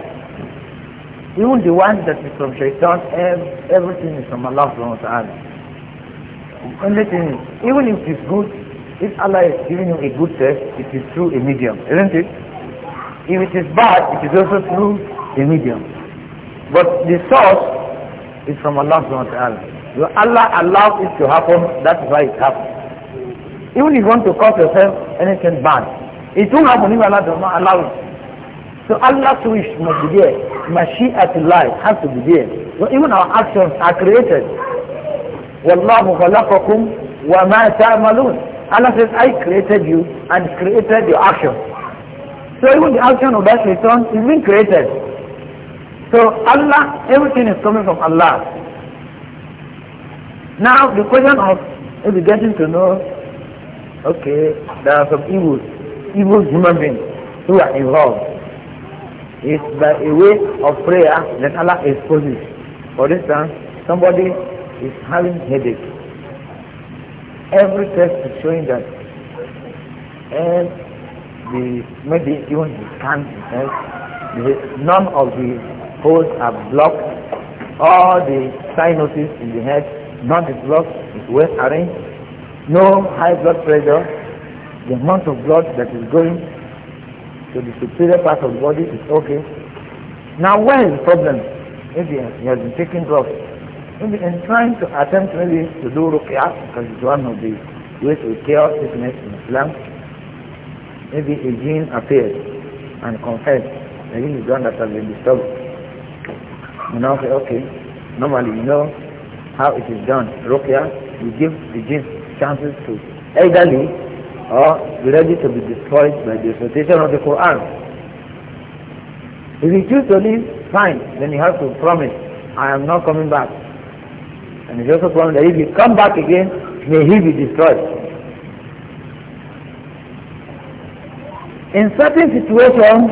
Even the one that is from shaitan, everything is from Allah subhanahu wa ta'ala. Only thing is, even if it is good, if Allah is giving you a good test, it is through a medium, isn't it? If it is bad, it is also through a medium. But the source is from Allah subhanahu wa ta'ala. Allah allows it to happen, that's why it happens. Even if you want to cause yourself anything bad, it won't happen if Allah does not allow it. So Allah's wish must be there. life has to be there. So even our actions are created. وَاللَّهُ wa ma تَعْمَلُونَ Allah says, I created you and created your action. So even the action of that return is being created. So Allah, everything is coming from Allah. Now the question of is getting to know Okay, there are some evils, evil human beings who are involved. It's by a way of prayer that Allah exposes. For instance, somebody is having headache. Every test is showing that and the maybe even the can't none of the holes are blocked all the sinuses in the head not is blocked it's well arranged no high blood pressure, the amount of blood that is going to the superior part of the body is okay. Now where is the problem? Maybe he has, been taking drugs, maybe in trying to attempt maybe to do ruqyah, because it's one of the ways we cure sickness in Islam, maybe a gene appears and confessed that he is one that has been disturbed. You now say, okay, normally you know how it is done. Ruqyah, you give the gene chances to elderly or be ready to be destroyed by the recitation of the Quran. If you choose to leave, fine, then you have to promise, I am not coming back. And he also promised that if you come back again, may he be destroyed. In certain situations,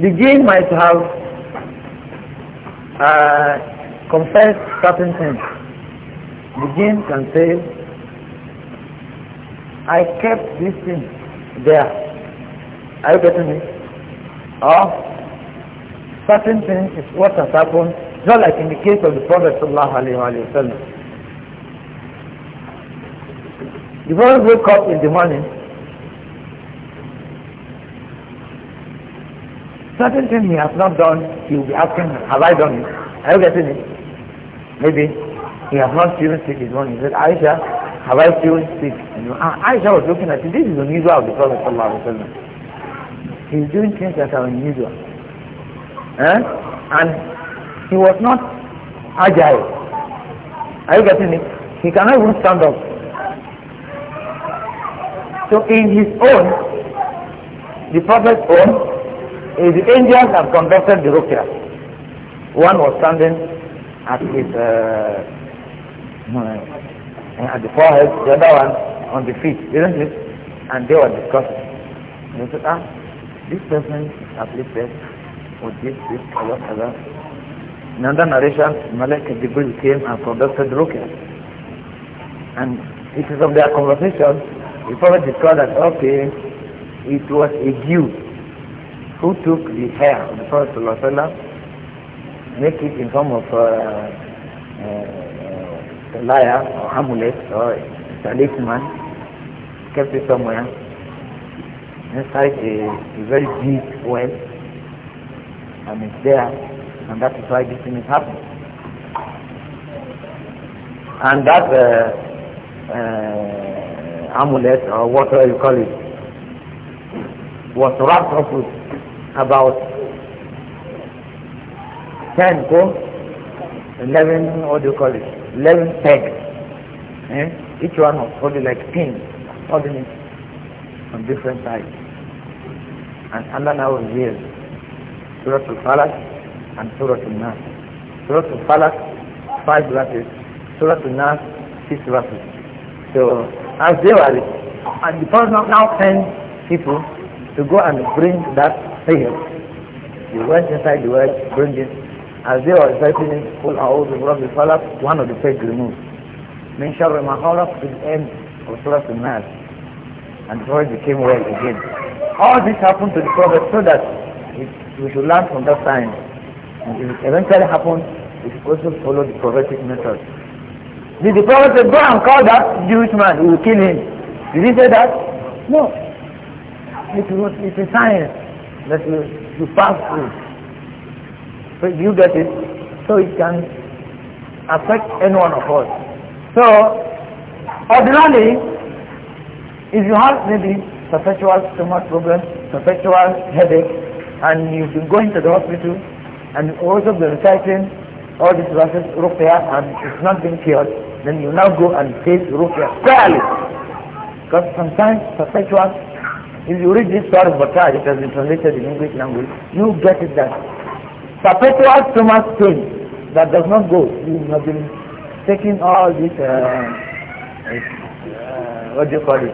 the jinn might have uh, confessed certain things. The jinn can say, I kept this thing there. Are you getting me? Oh, certain things is what has happened, not like in the case of the Prophet Sallallahu Alaihi Wasallam. The Prophet woke up in the morning. Certain things he has not done, he will be asking, have I done it? Are you getting it? Maybe he has not even taken his morning. He said, Aisha, have I seen sick? And Aisha was looking at him. This is unusual of the Prophet sallallahu alaihi wasallam. He's doing things that are unusual. Eh? And he was not agile. Are you getting it? He cannot even stand up. So in his own, the Prophet's own, the angels have conducted the ruqyah. One was standing at his uh, and at the forehead, the other one on the feet, did not it? And they were discussing. And they said, ah, this person is afflicted with this, this, Allah, Allah. In another narration, Malik Jibril came and conducted Ruqya. And it is of their conversation, the Prophet discovered that, okay, it was a Jew who took the hair of the Prophet make it in form of uh, uh, a liar or amulet or talisman, kept it somewhere inside a, a very deep well, and it's there, and that is why this thing is happening. And that uh, uh, amulet or whatever you call it was wrapped up with about 10 go 11 what do you call it 11 pegs. Eh? Each one was probably like 10 ordinance on different sides. And Allah now reveals Surah Al-Falaq and Surah Al-Nas. Surah Al-Falaq, five verses. Surah Al-Nas, six verses. So as they were, and the person now sends people to go and bring that prayer. You went inside the world, bring it as they were reciting it, Qul A'udhu Rabbil Falaq, one of the page removed. Min Sharri Ma Khalaq to the end of Surah Al-Nas. And the Prophet became well again. All this happened to the Prophet so that we should learn from that time. And if it eventually happened, we should also follow the prophetic method. Did the Prophet say, go and call that Jewish man, who will kill him? Did he say that? No. It was, it's a sign that you, you pass through. So you get it. So it can affect any one of us. So ordinarily, if you have maybe perpetual stomach problem, perpetual headache, and you've been going to the hospital, and also the reciting all these verses, ruqya, and it's not been cured, then you now go and face ruqya fairly. Because sometimes perpetual, if you read this story of Bakar, it has been translated in English language, you get it that perpetual too much pain that does not go. You have been taking all this, uh, uh, what do you call it,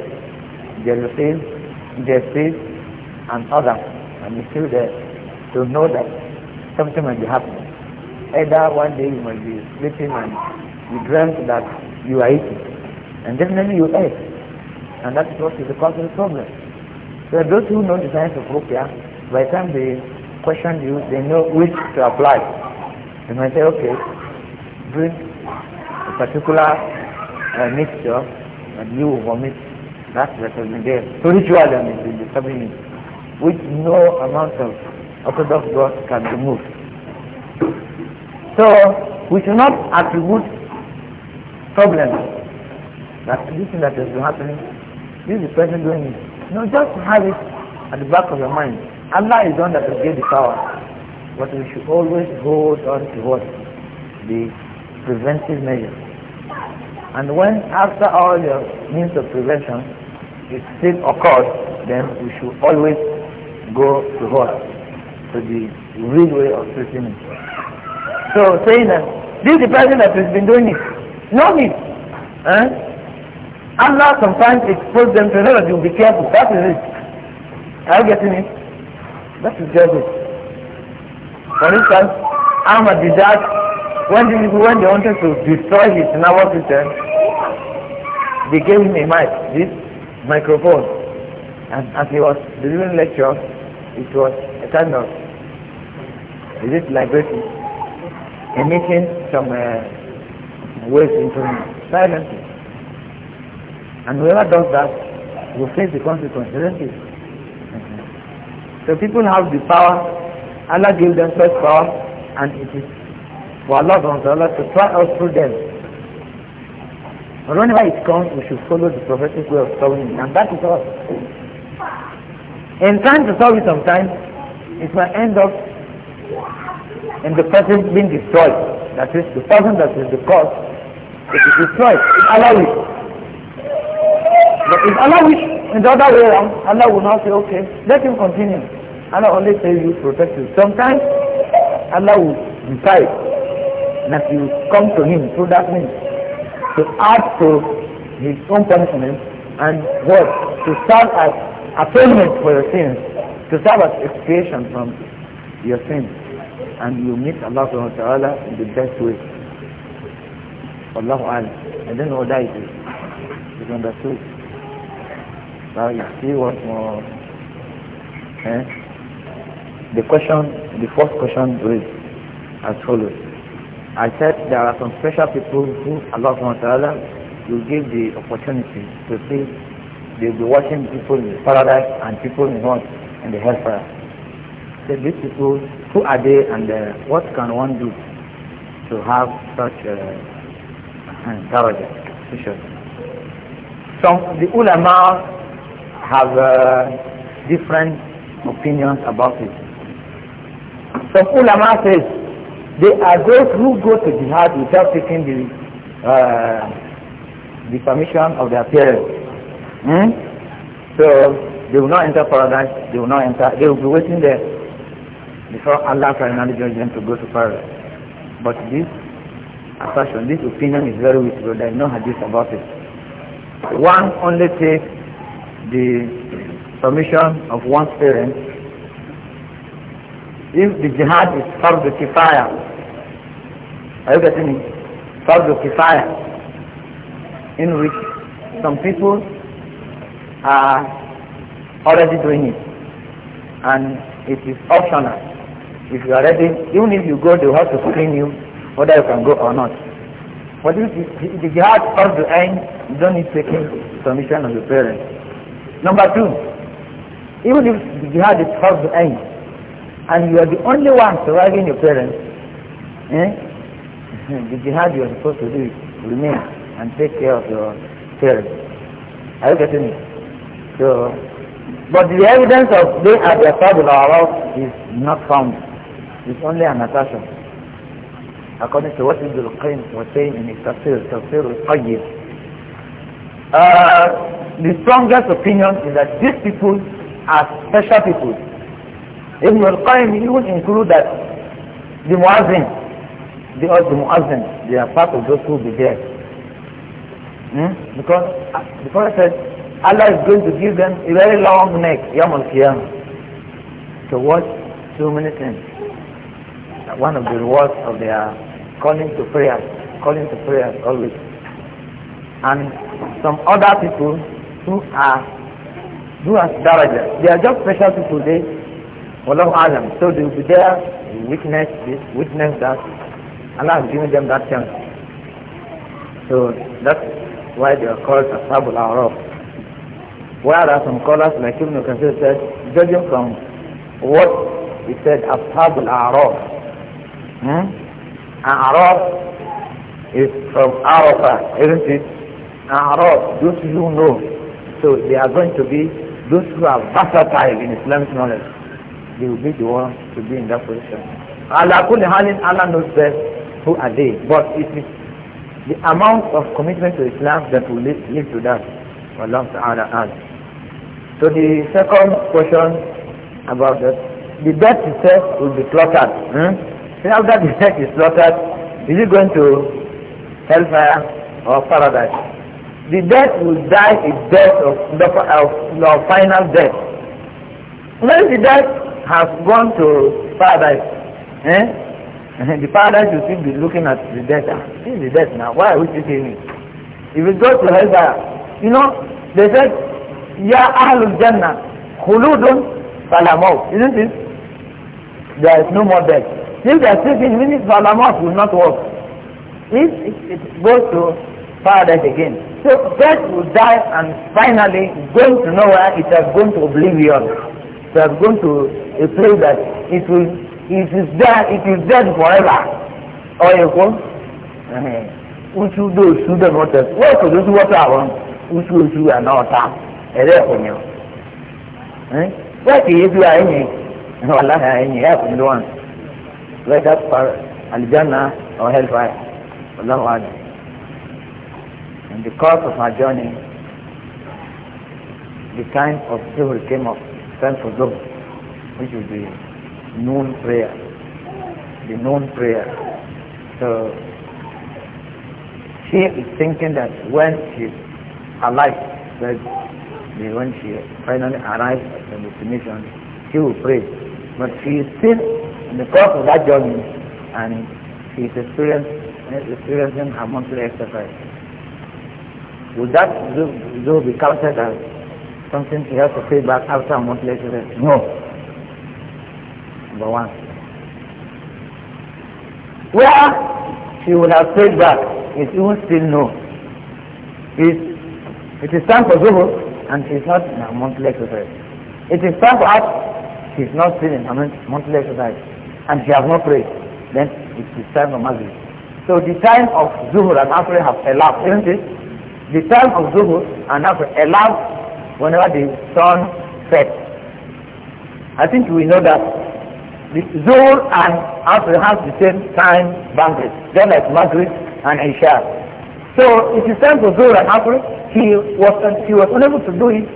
jealousy, jealousy, and other. and you still there to know that something might be happening. Either one day you might be sleeping and you dreamt that you are eating, and definitely you ate, and that is what is the cause of the problem. So those who know the science of Yeah, by the time they question you, they know which to apply. And might say, okay, drink a particular uh, mixture and you vomit That's vitamin there. Spiritual so damage is the supplement which no amount of Orthodox God can remove. So we should not attribute problems that this thing that has been happening, this is the person doing it. You no, know, just have it at the back of your mind. Allah is the one that will give the power. But we should always hold on to what? The preventive measures. And when after all your means of prevention, it still occurs, then we should always go to what? To the real way of treating it. So saying that, this is the person that has been doing it. No need. Eh? Allah sometimes exposes them to another, you be careful. That is it. Are you getting it? That is justice. For instance, Ahmad did that when they, when they wanted to destroy his nervous system, they gave him a mic, this microphone. And as he was delivering lectures, it was a kind of, is it vibrating, emitting some uh, waves into silence. And whoever does that will face the consequences, the people have the power. Allah gave them such power and it is for Allah to try us through them. But whenever it comes, we should follow the prophetic way of solving And that is all. In trying to solve it sometimes, it might end up in the person being destroyed. That is, the person that is the cause, it is destroyed. If Allah wishes. But if Allah will in the other way around, Allah will not say, okay, let him continue. Allah only says you protect you. Sometimes Allah will decide that you come to him through that means to ask for his own punishment and what to serve as atonement for your sins, to serve as expiation from your sins. And you meet Allah subhanahu wa ta'ala in the best way. Allahu Alam. I don't know what that is. It's understood. Now you see what more. Eh? The question, the first question is as follows. I said there are some special people who Allah SWT will give the opportunity to see they'll be watching people in the paradise and people in what and the hellfire. So these people, who are they and uh, what can one do to have such a uh, uh, daraja? Some the ulama have uh, different opinions about it. Some ulama says they are those who go to jihad without taking the uh, the permission of their parents. Hmm? So they will not enter paradise. They will not enter. They will be waiting there before Allah finally judges them to go to paradise. But this assertion, this opinion is very weak. There is no hadith about it. One only takes the permission of one's parents if the jihad is the kifaya are you getting it fardu in which some people are already doing it and it is optional if you are ready even if you go they will have to screen you whether you can go or not but if the, the jihad comes to end you don't need taking permission of your parents number two even if the jihad is comes to end and you are the only one surviving your parents, eh? the jihad you are supposed to do is remain and take care of your parents. Are you getting it? So, but the evidence of they are their father or our is not found. It's only an assertion. According to what Ibn qayyim was saying in his tafsir, tafsir al-Qayyim. Uh, the strongest opinion is that these people are special people. Ibn al-Qayyim will include that the muazzin, the or uh, the muazzin, they are part of those who will be there. Hmm? Because uh, the Prophet said, Allah is going to give them a very long neck, Yom al-Qiyamah, to watch so many things. One of the rewards of their calling to prayer, calling to prayer always. And some other people who are, who are daraja, they are just special people, they Wallahu alam. So they will be there, witness this, witness that. Allah has given them that chance. So that's why they are called Ashabul Arab. Whereas some callers like Ibn Kathir said, judging from what he said, Ashabul Arab. Hmm? Arab is from Arafah, isn't it? Arab, those who know. So they are going to be those who are versatile in Islamic knowledge they will be the one to be in that position. Allah Allah knows best who are they. But it is the amount of commitment to Islam that will lead, lead to that. Allah Ta'ala asked. So the second question about that, the death itself will be slaughtered. Hmm? that after the death is slaughtered, is it going to hellfire or paradise? The death will die a death of, of, of, of final death. When the death has gone to paradise. Eh? the paradise you still be looking at the death. Ah, See the death now. Why are we still seeing If it go to hellfire, you know, they said, Ya Ahlul Jannah, Khuludun Salamov. Isn't it? There is no more death. If they are sleeping, meaning Salamov will not work. If it goes to paradise again. So death will die and finally going to nowhere, it has gone to oblivion. they are going to a uh, place that it will it is there it is dead forever or you go uchu eh, do osu dem water wey for those water awon uchu osu ana ọta ẹrẹ ẹkọnyọ wọ́n ti yé bi àyẹ̀yẹ̀ wàhálà àyẹ̀yẹ̀ ẹ̀ kùn one, wẹ́n ká pa alìjánná or hellfire ọlọ́wọ́ àdùn in the course of my journey the time of evil came up time for Zuhr, which is the noon prayer, the noon prayer. So she is thinking that when she alive, that when she finally arrives at the destination, she will pray. But she is still in the course of that journey, and she is experiencing her monthly exercise. Would that Zuhr be counted as something he has to pay back after a month later. No. Number one. Where he would have paid back is even still no. It, it is time for Zuhur and he's not in a monthly exercise. It is time for us, he's not still in a monthly exercise and he has not prayed. Then it is time for Maghrib. So the time of Zuhur and Afri have elapsed, isn't it? The time of Zuhur and Afri elapsed whenever the sun sets. I think we know that the Zohar and Asr have the same time boundaries, just like Maghrib and Isha. So it is time for Zohar and Asr. He was, he was unable to do it.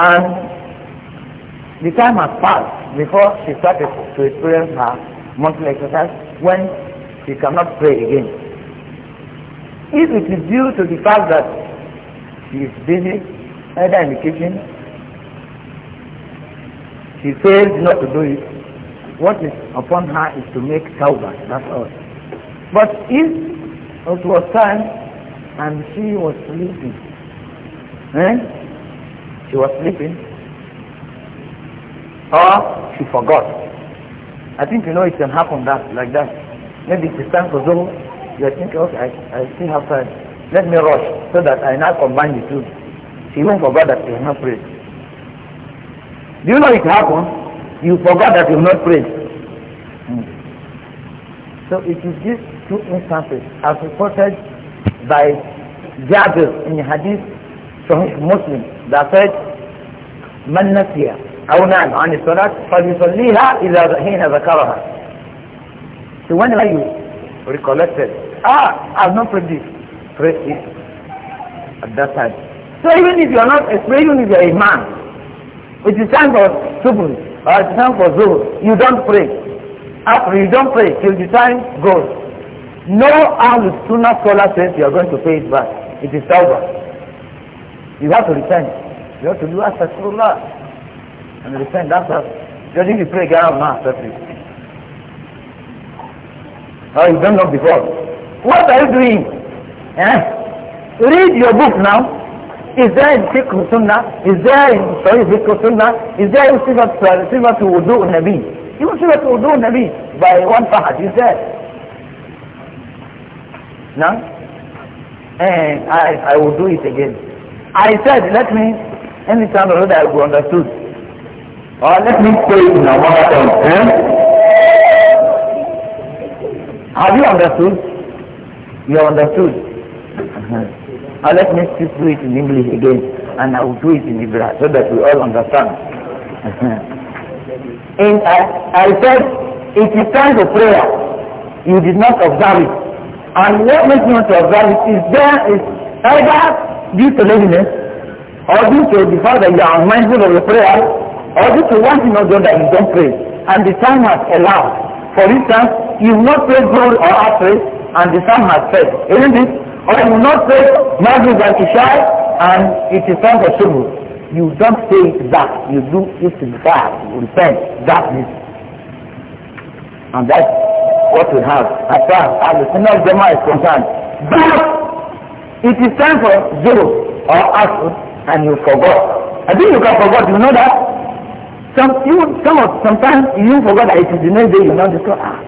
And the time has passed before she started to experience her monthly exercise when she cannot pray again. If it is due to the fact that she is busy either in the kitchen she fails not to do it what is upon her is to make tawbah that's all but if it was time and she was sleeping eh? she was sleeping or she forgot I think you know it can happen that like that maybe it's time for Zohar you think okay I, I still have time let me rush so that I now combine the two. She won't forget that you have not prayed. Do you know it happened? You forgot that you have not prayed. Hmm. So it is these two instances as reported by Jabir in Hadith from Muslim that said, من نسي أو نام عن الصلاة فليصليها إذا حين ذكرها. So whenever you recollected, ah, I've not prayed this express it at that time. So even if you are not even if you are a man, it is time for subun or uh, it is time for zuhur, you don't pray. After you don't pray till the time goes. No Ahlul Sunnah scholar says you are going to pay it back. It is over. You have to repent. You have to do Astaghfirullah and repent. That's us. Just if you pray, get out now, separate. Or you don't know before. What are you doing? Eh? Read your book now. Is there in Fiqh Sunnah? Is there in Sahih Fiqh Sunnah? Is there in Sifat, Sifat Wudu Nabi? Even Sifat Wudu Nabi by one Fahad is there. No? And eh, I, I will do it again. I said, let me, any time or other I will understood. Or oh, let me say it now one more time. Eh? Have you understood? You understood. Now uh, let me speak to it in English again, and I will do it in Hebrew so that we all understand. and I, I said, it is time for prayer. You did not observe it. And what makes you not observe it is there is either due to laziness, or due to the fact that you are unmindful of the prayer, or due to one thing or the other that you don't pray. And the time has allowed. For instance, you've not prayed God or after and the time has said, isn't it? I will not say Maghrib and Isha and it is time for Subh. You don't say that. You do it in that. You repent. That is. And that's what we have as far as the Sunnah Jama is concerned. But it is time for you or Asr and you forgot. I think you can forget. You know that? Some, you, some of, sometimes you forgot that it is the next day you know this. Ah.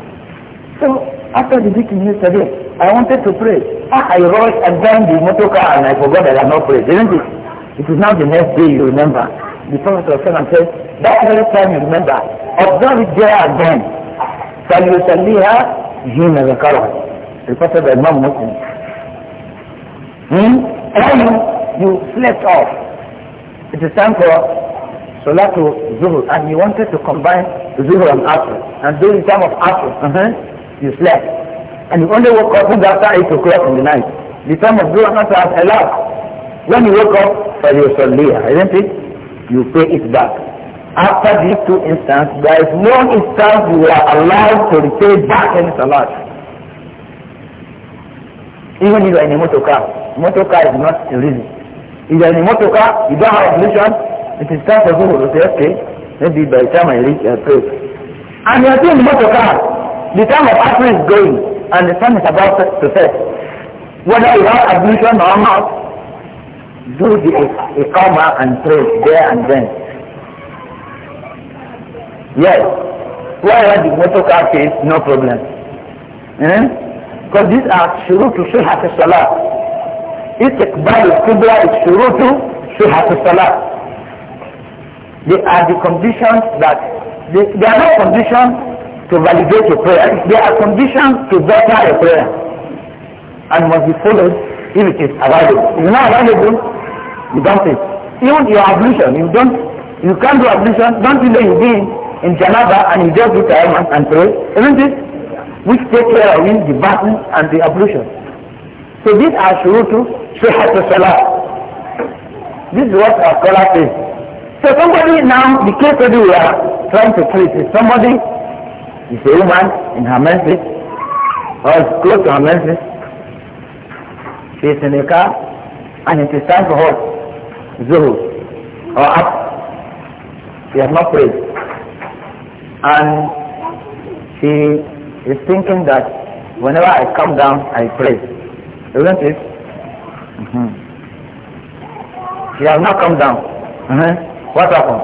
So after the meeting yesterday, I wanted to pray. Ah, I rushed and then the motor car and I forgot that I had not prayed, didn't it? It is now the next day you remember. The Prophet of Islam said, that very time you remember, observe it there hmm? and then. never called? ذَكَرَهَا Reported by Imam Muslim. Hmm? And you you slept off. It is time for salah to Zuhur and you wanted to combine Zuhur and Asr. And during the time of Asr, uh -huh, you slept. And you only woke up after eight o'clock in the night. The time of Dua Nasa has elapsed. When you woke up, for your Salliya, isn't it? You pay it back. After these two instances, there is no instance you are allowed to repay back any Salat. Even if you are in a motor car. Motor car is not a reason. If you are in a motor car, you don't have obligation, it is time for you to say, okay, maybe by the time I reach, I place. And you are still in the motor car. The time of answering is going. and the son is about to say, whether you have admission or not, do the Iqama and pray there and then. Yes. Why the the car case? No problem. Because eh? these are shurutu sihat salah. a al-Qibla is shurutu sihat salah. They are the conditions that, they, they are not conditions to validate your prayer. There are conditions to better your prayer and must be followed if it is available. If it's not available, you don't pray. Even your ablution, you don't, you can't do ablution, don't you know you be in Janaba and you just do time and pray, isn't it? Which take care of the bathing and the ablution. So these are shurutu shihatu salah. This is what our scholar says. So somebody now, the case study we are trying to treat is somebody She's a woman in her menses, or close to her menses, she is in a car, and it is time for her, Zuhu, or up. She has not prayed. And she is thinking that whenever I come down, I pray. Isn't it? Mm -hmm. She has not come down. Mm -hmm. What happened?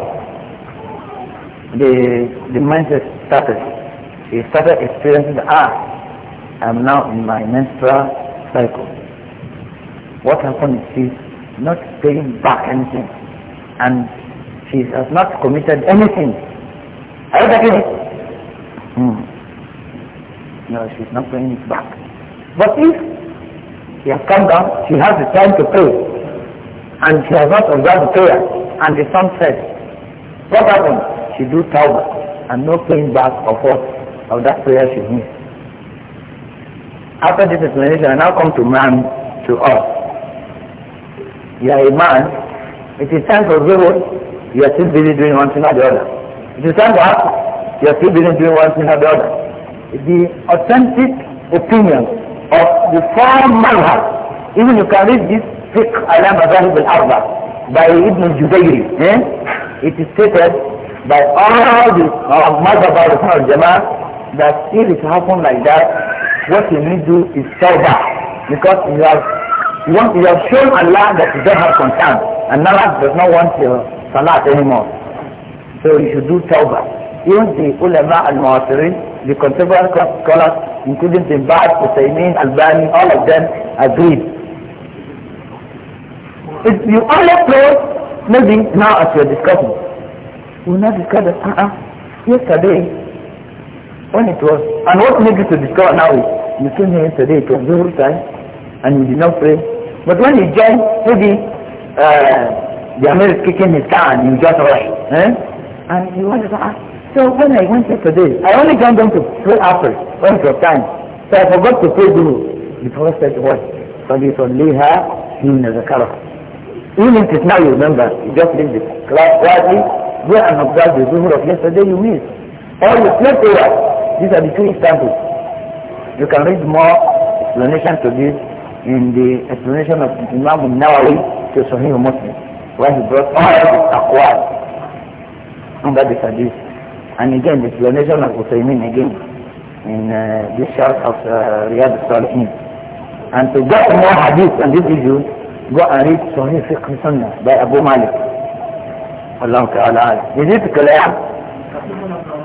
The, the mindset started she started experiencing, ah, I'm now in my menstrual cycle. What happened is she's not paying back anything. And she has not committed anything. Are you getting it? Hmm. No, she's not paying it back. But if she has come down, she has the time to pay. And she has not observed the prayer. And the son said, what happened? She do tawbah and no paying back of what of that prayer should mean. After this explanation, I now come to man, to us. You are a man. It is time for Zuhur. You are still busy doing one thing or the other. It is time for us. You are still busy doing one thing or the other. The authentic opinion of the four manhaj, even you can read this fiqh alam mazahib al-arba by Ibn Jubayri. Eh? It is stated by all the Mazhab al-Jama'ah that if it happen like that, what you need to do is that Because you have, you, want, you have shown Allah that you don't have concern. And Allah does not want your salat anymore. So you should do tawbah. Even the ulama al-mu'asirin, the contemporary scholars, including the Ba'ad, Husaymin, al-bani all of them agreed. If you only pray, maybe now as you're discussing, we're not discussing, uh-uh, yesterday when it was, and what made you to discover now is, you came here today. it was Zuhur time, and you did not pray. But when you joined, maybe uh, the American is kicking his car and you just rush. Eh? And you wanted to ask, so when I went yesterday, I only joined them to pray after, when it was time. So I forgot to pray Zuhur. The Prophet said, what? فَلِيْتُلِّيهَا حِينَ color. even if now you remember, you just leave the class quietly, go and observe the Zuhur of yesterday you missed. Or you slept over. These are the two examples. You can read more explanation to this in the explanation of Imam nawawi to Sahih Muslim, where he brought all the taqwa under this hadith. And again, the explanation of Uthaymeen again in uh, this short of uh, Riyadh al-Salihin. And to get more hadith on this issue, go and read Sahih Fiqh Sunnah by Abu Malik. Allah Ta'ala. Is it clear?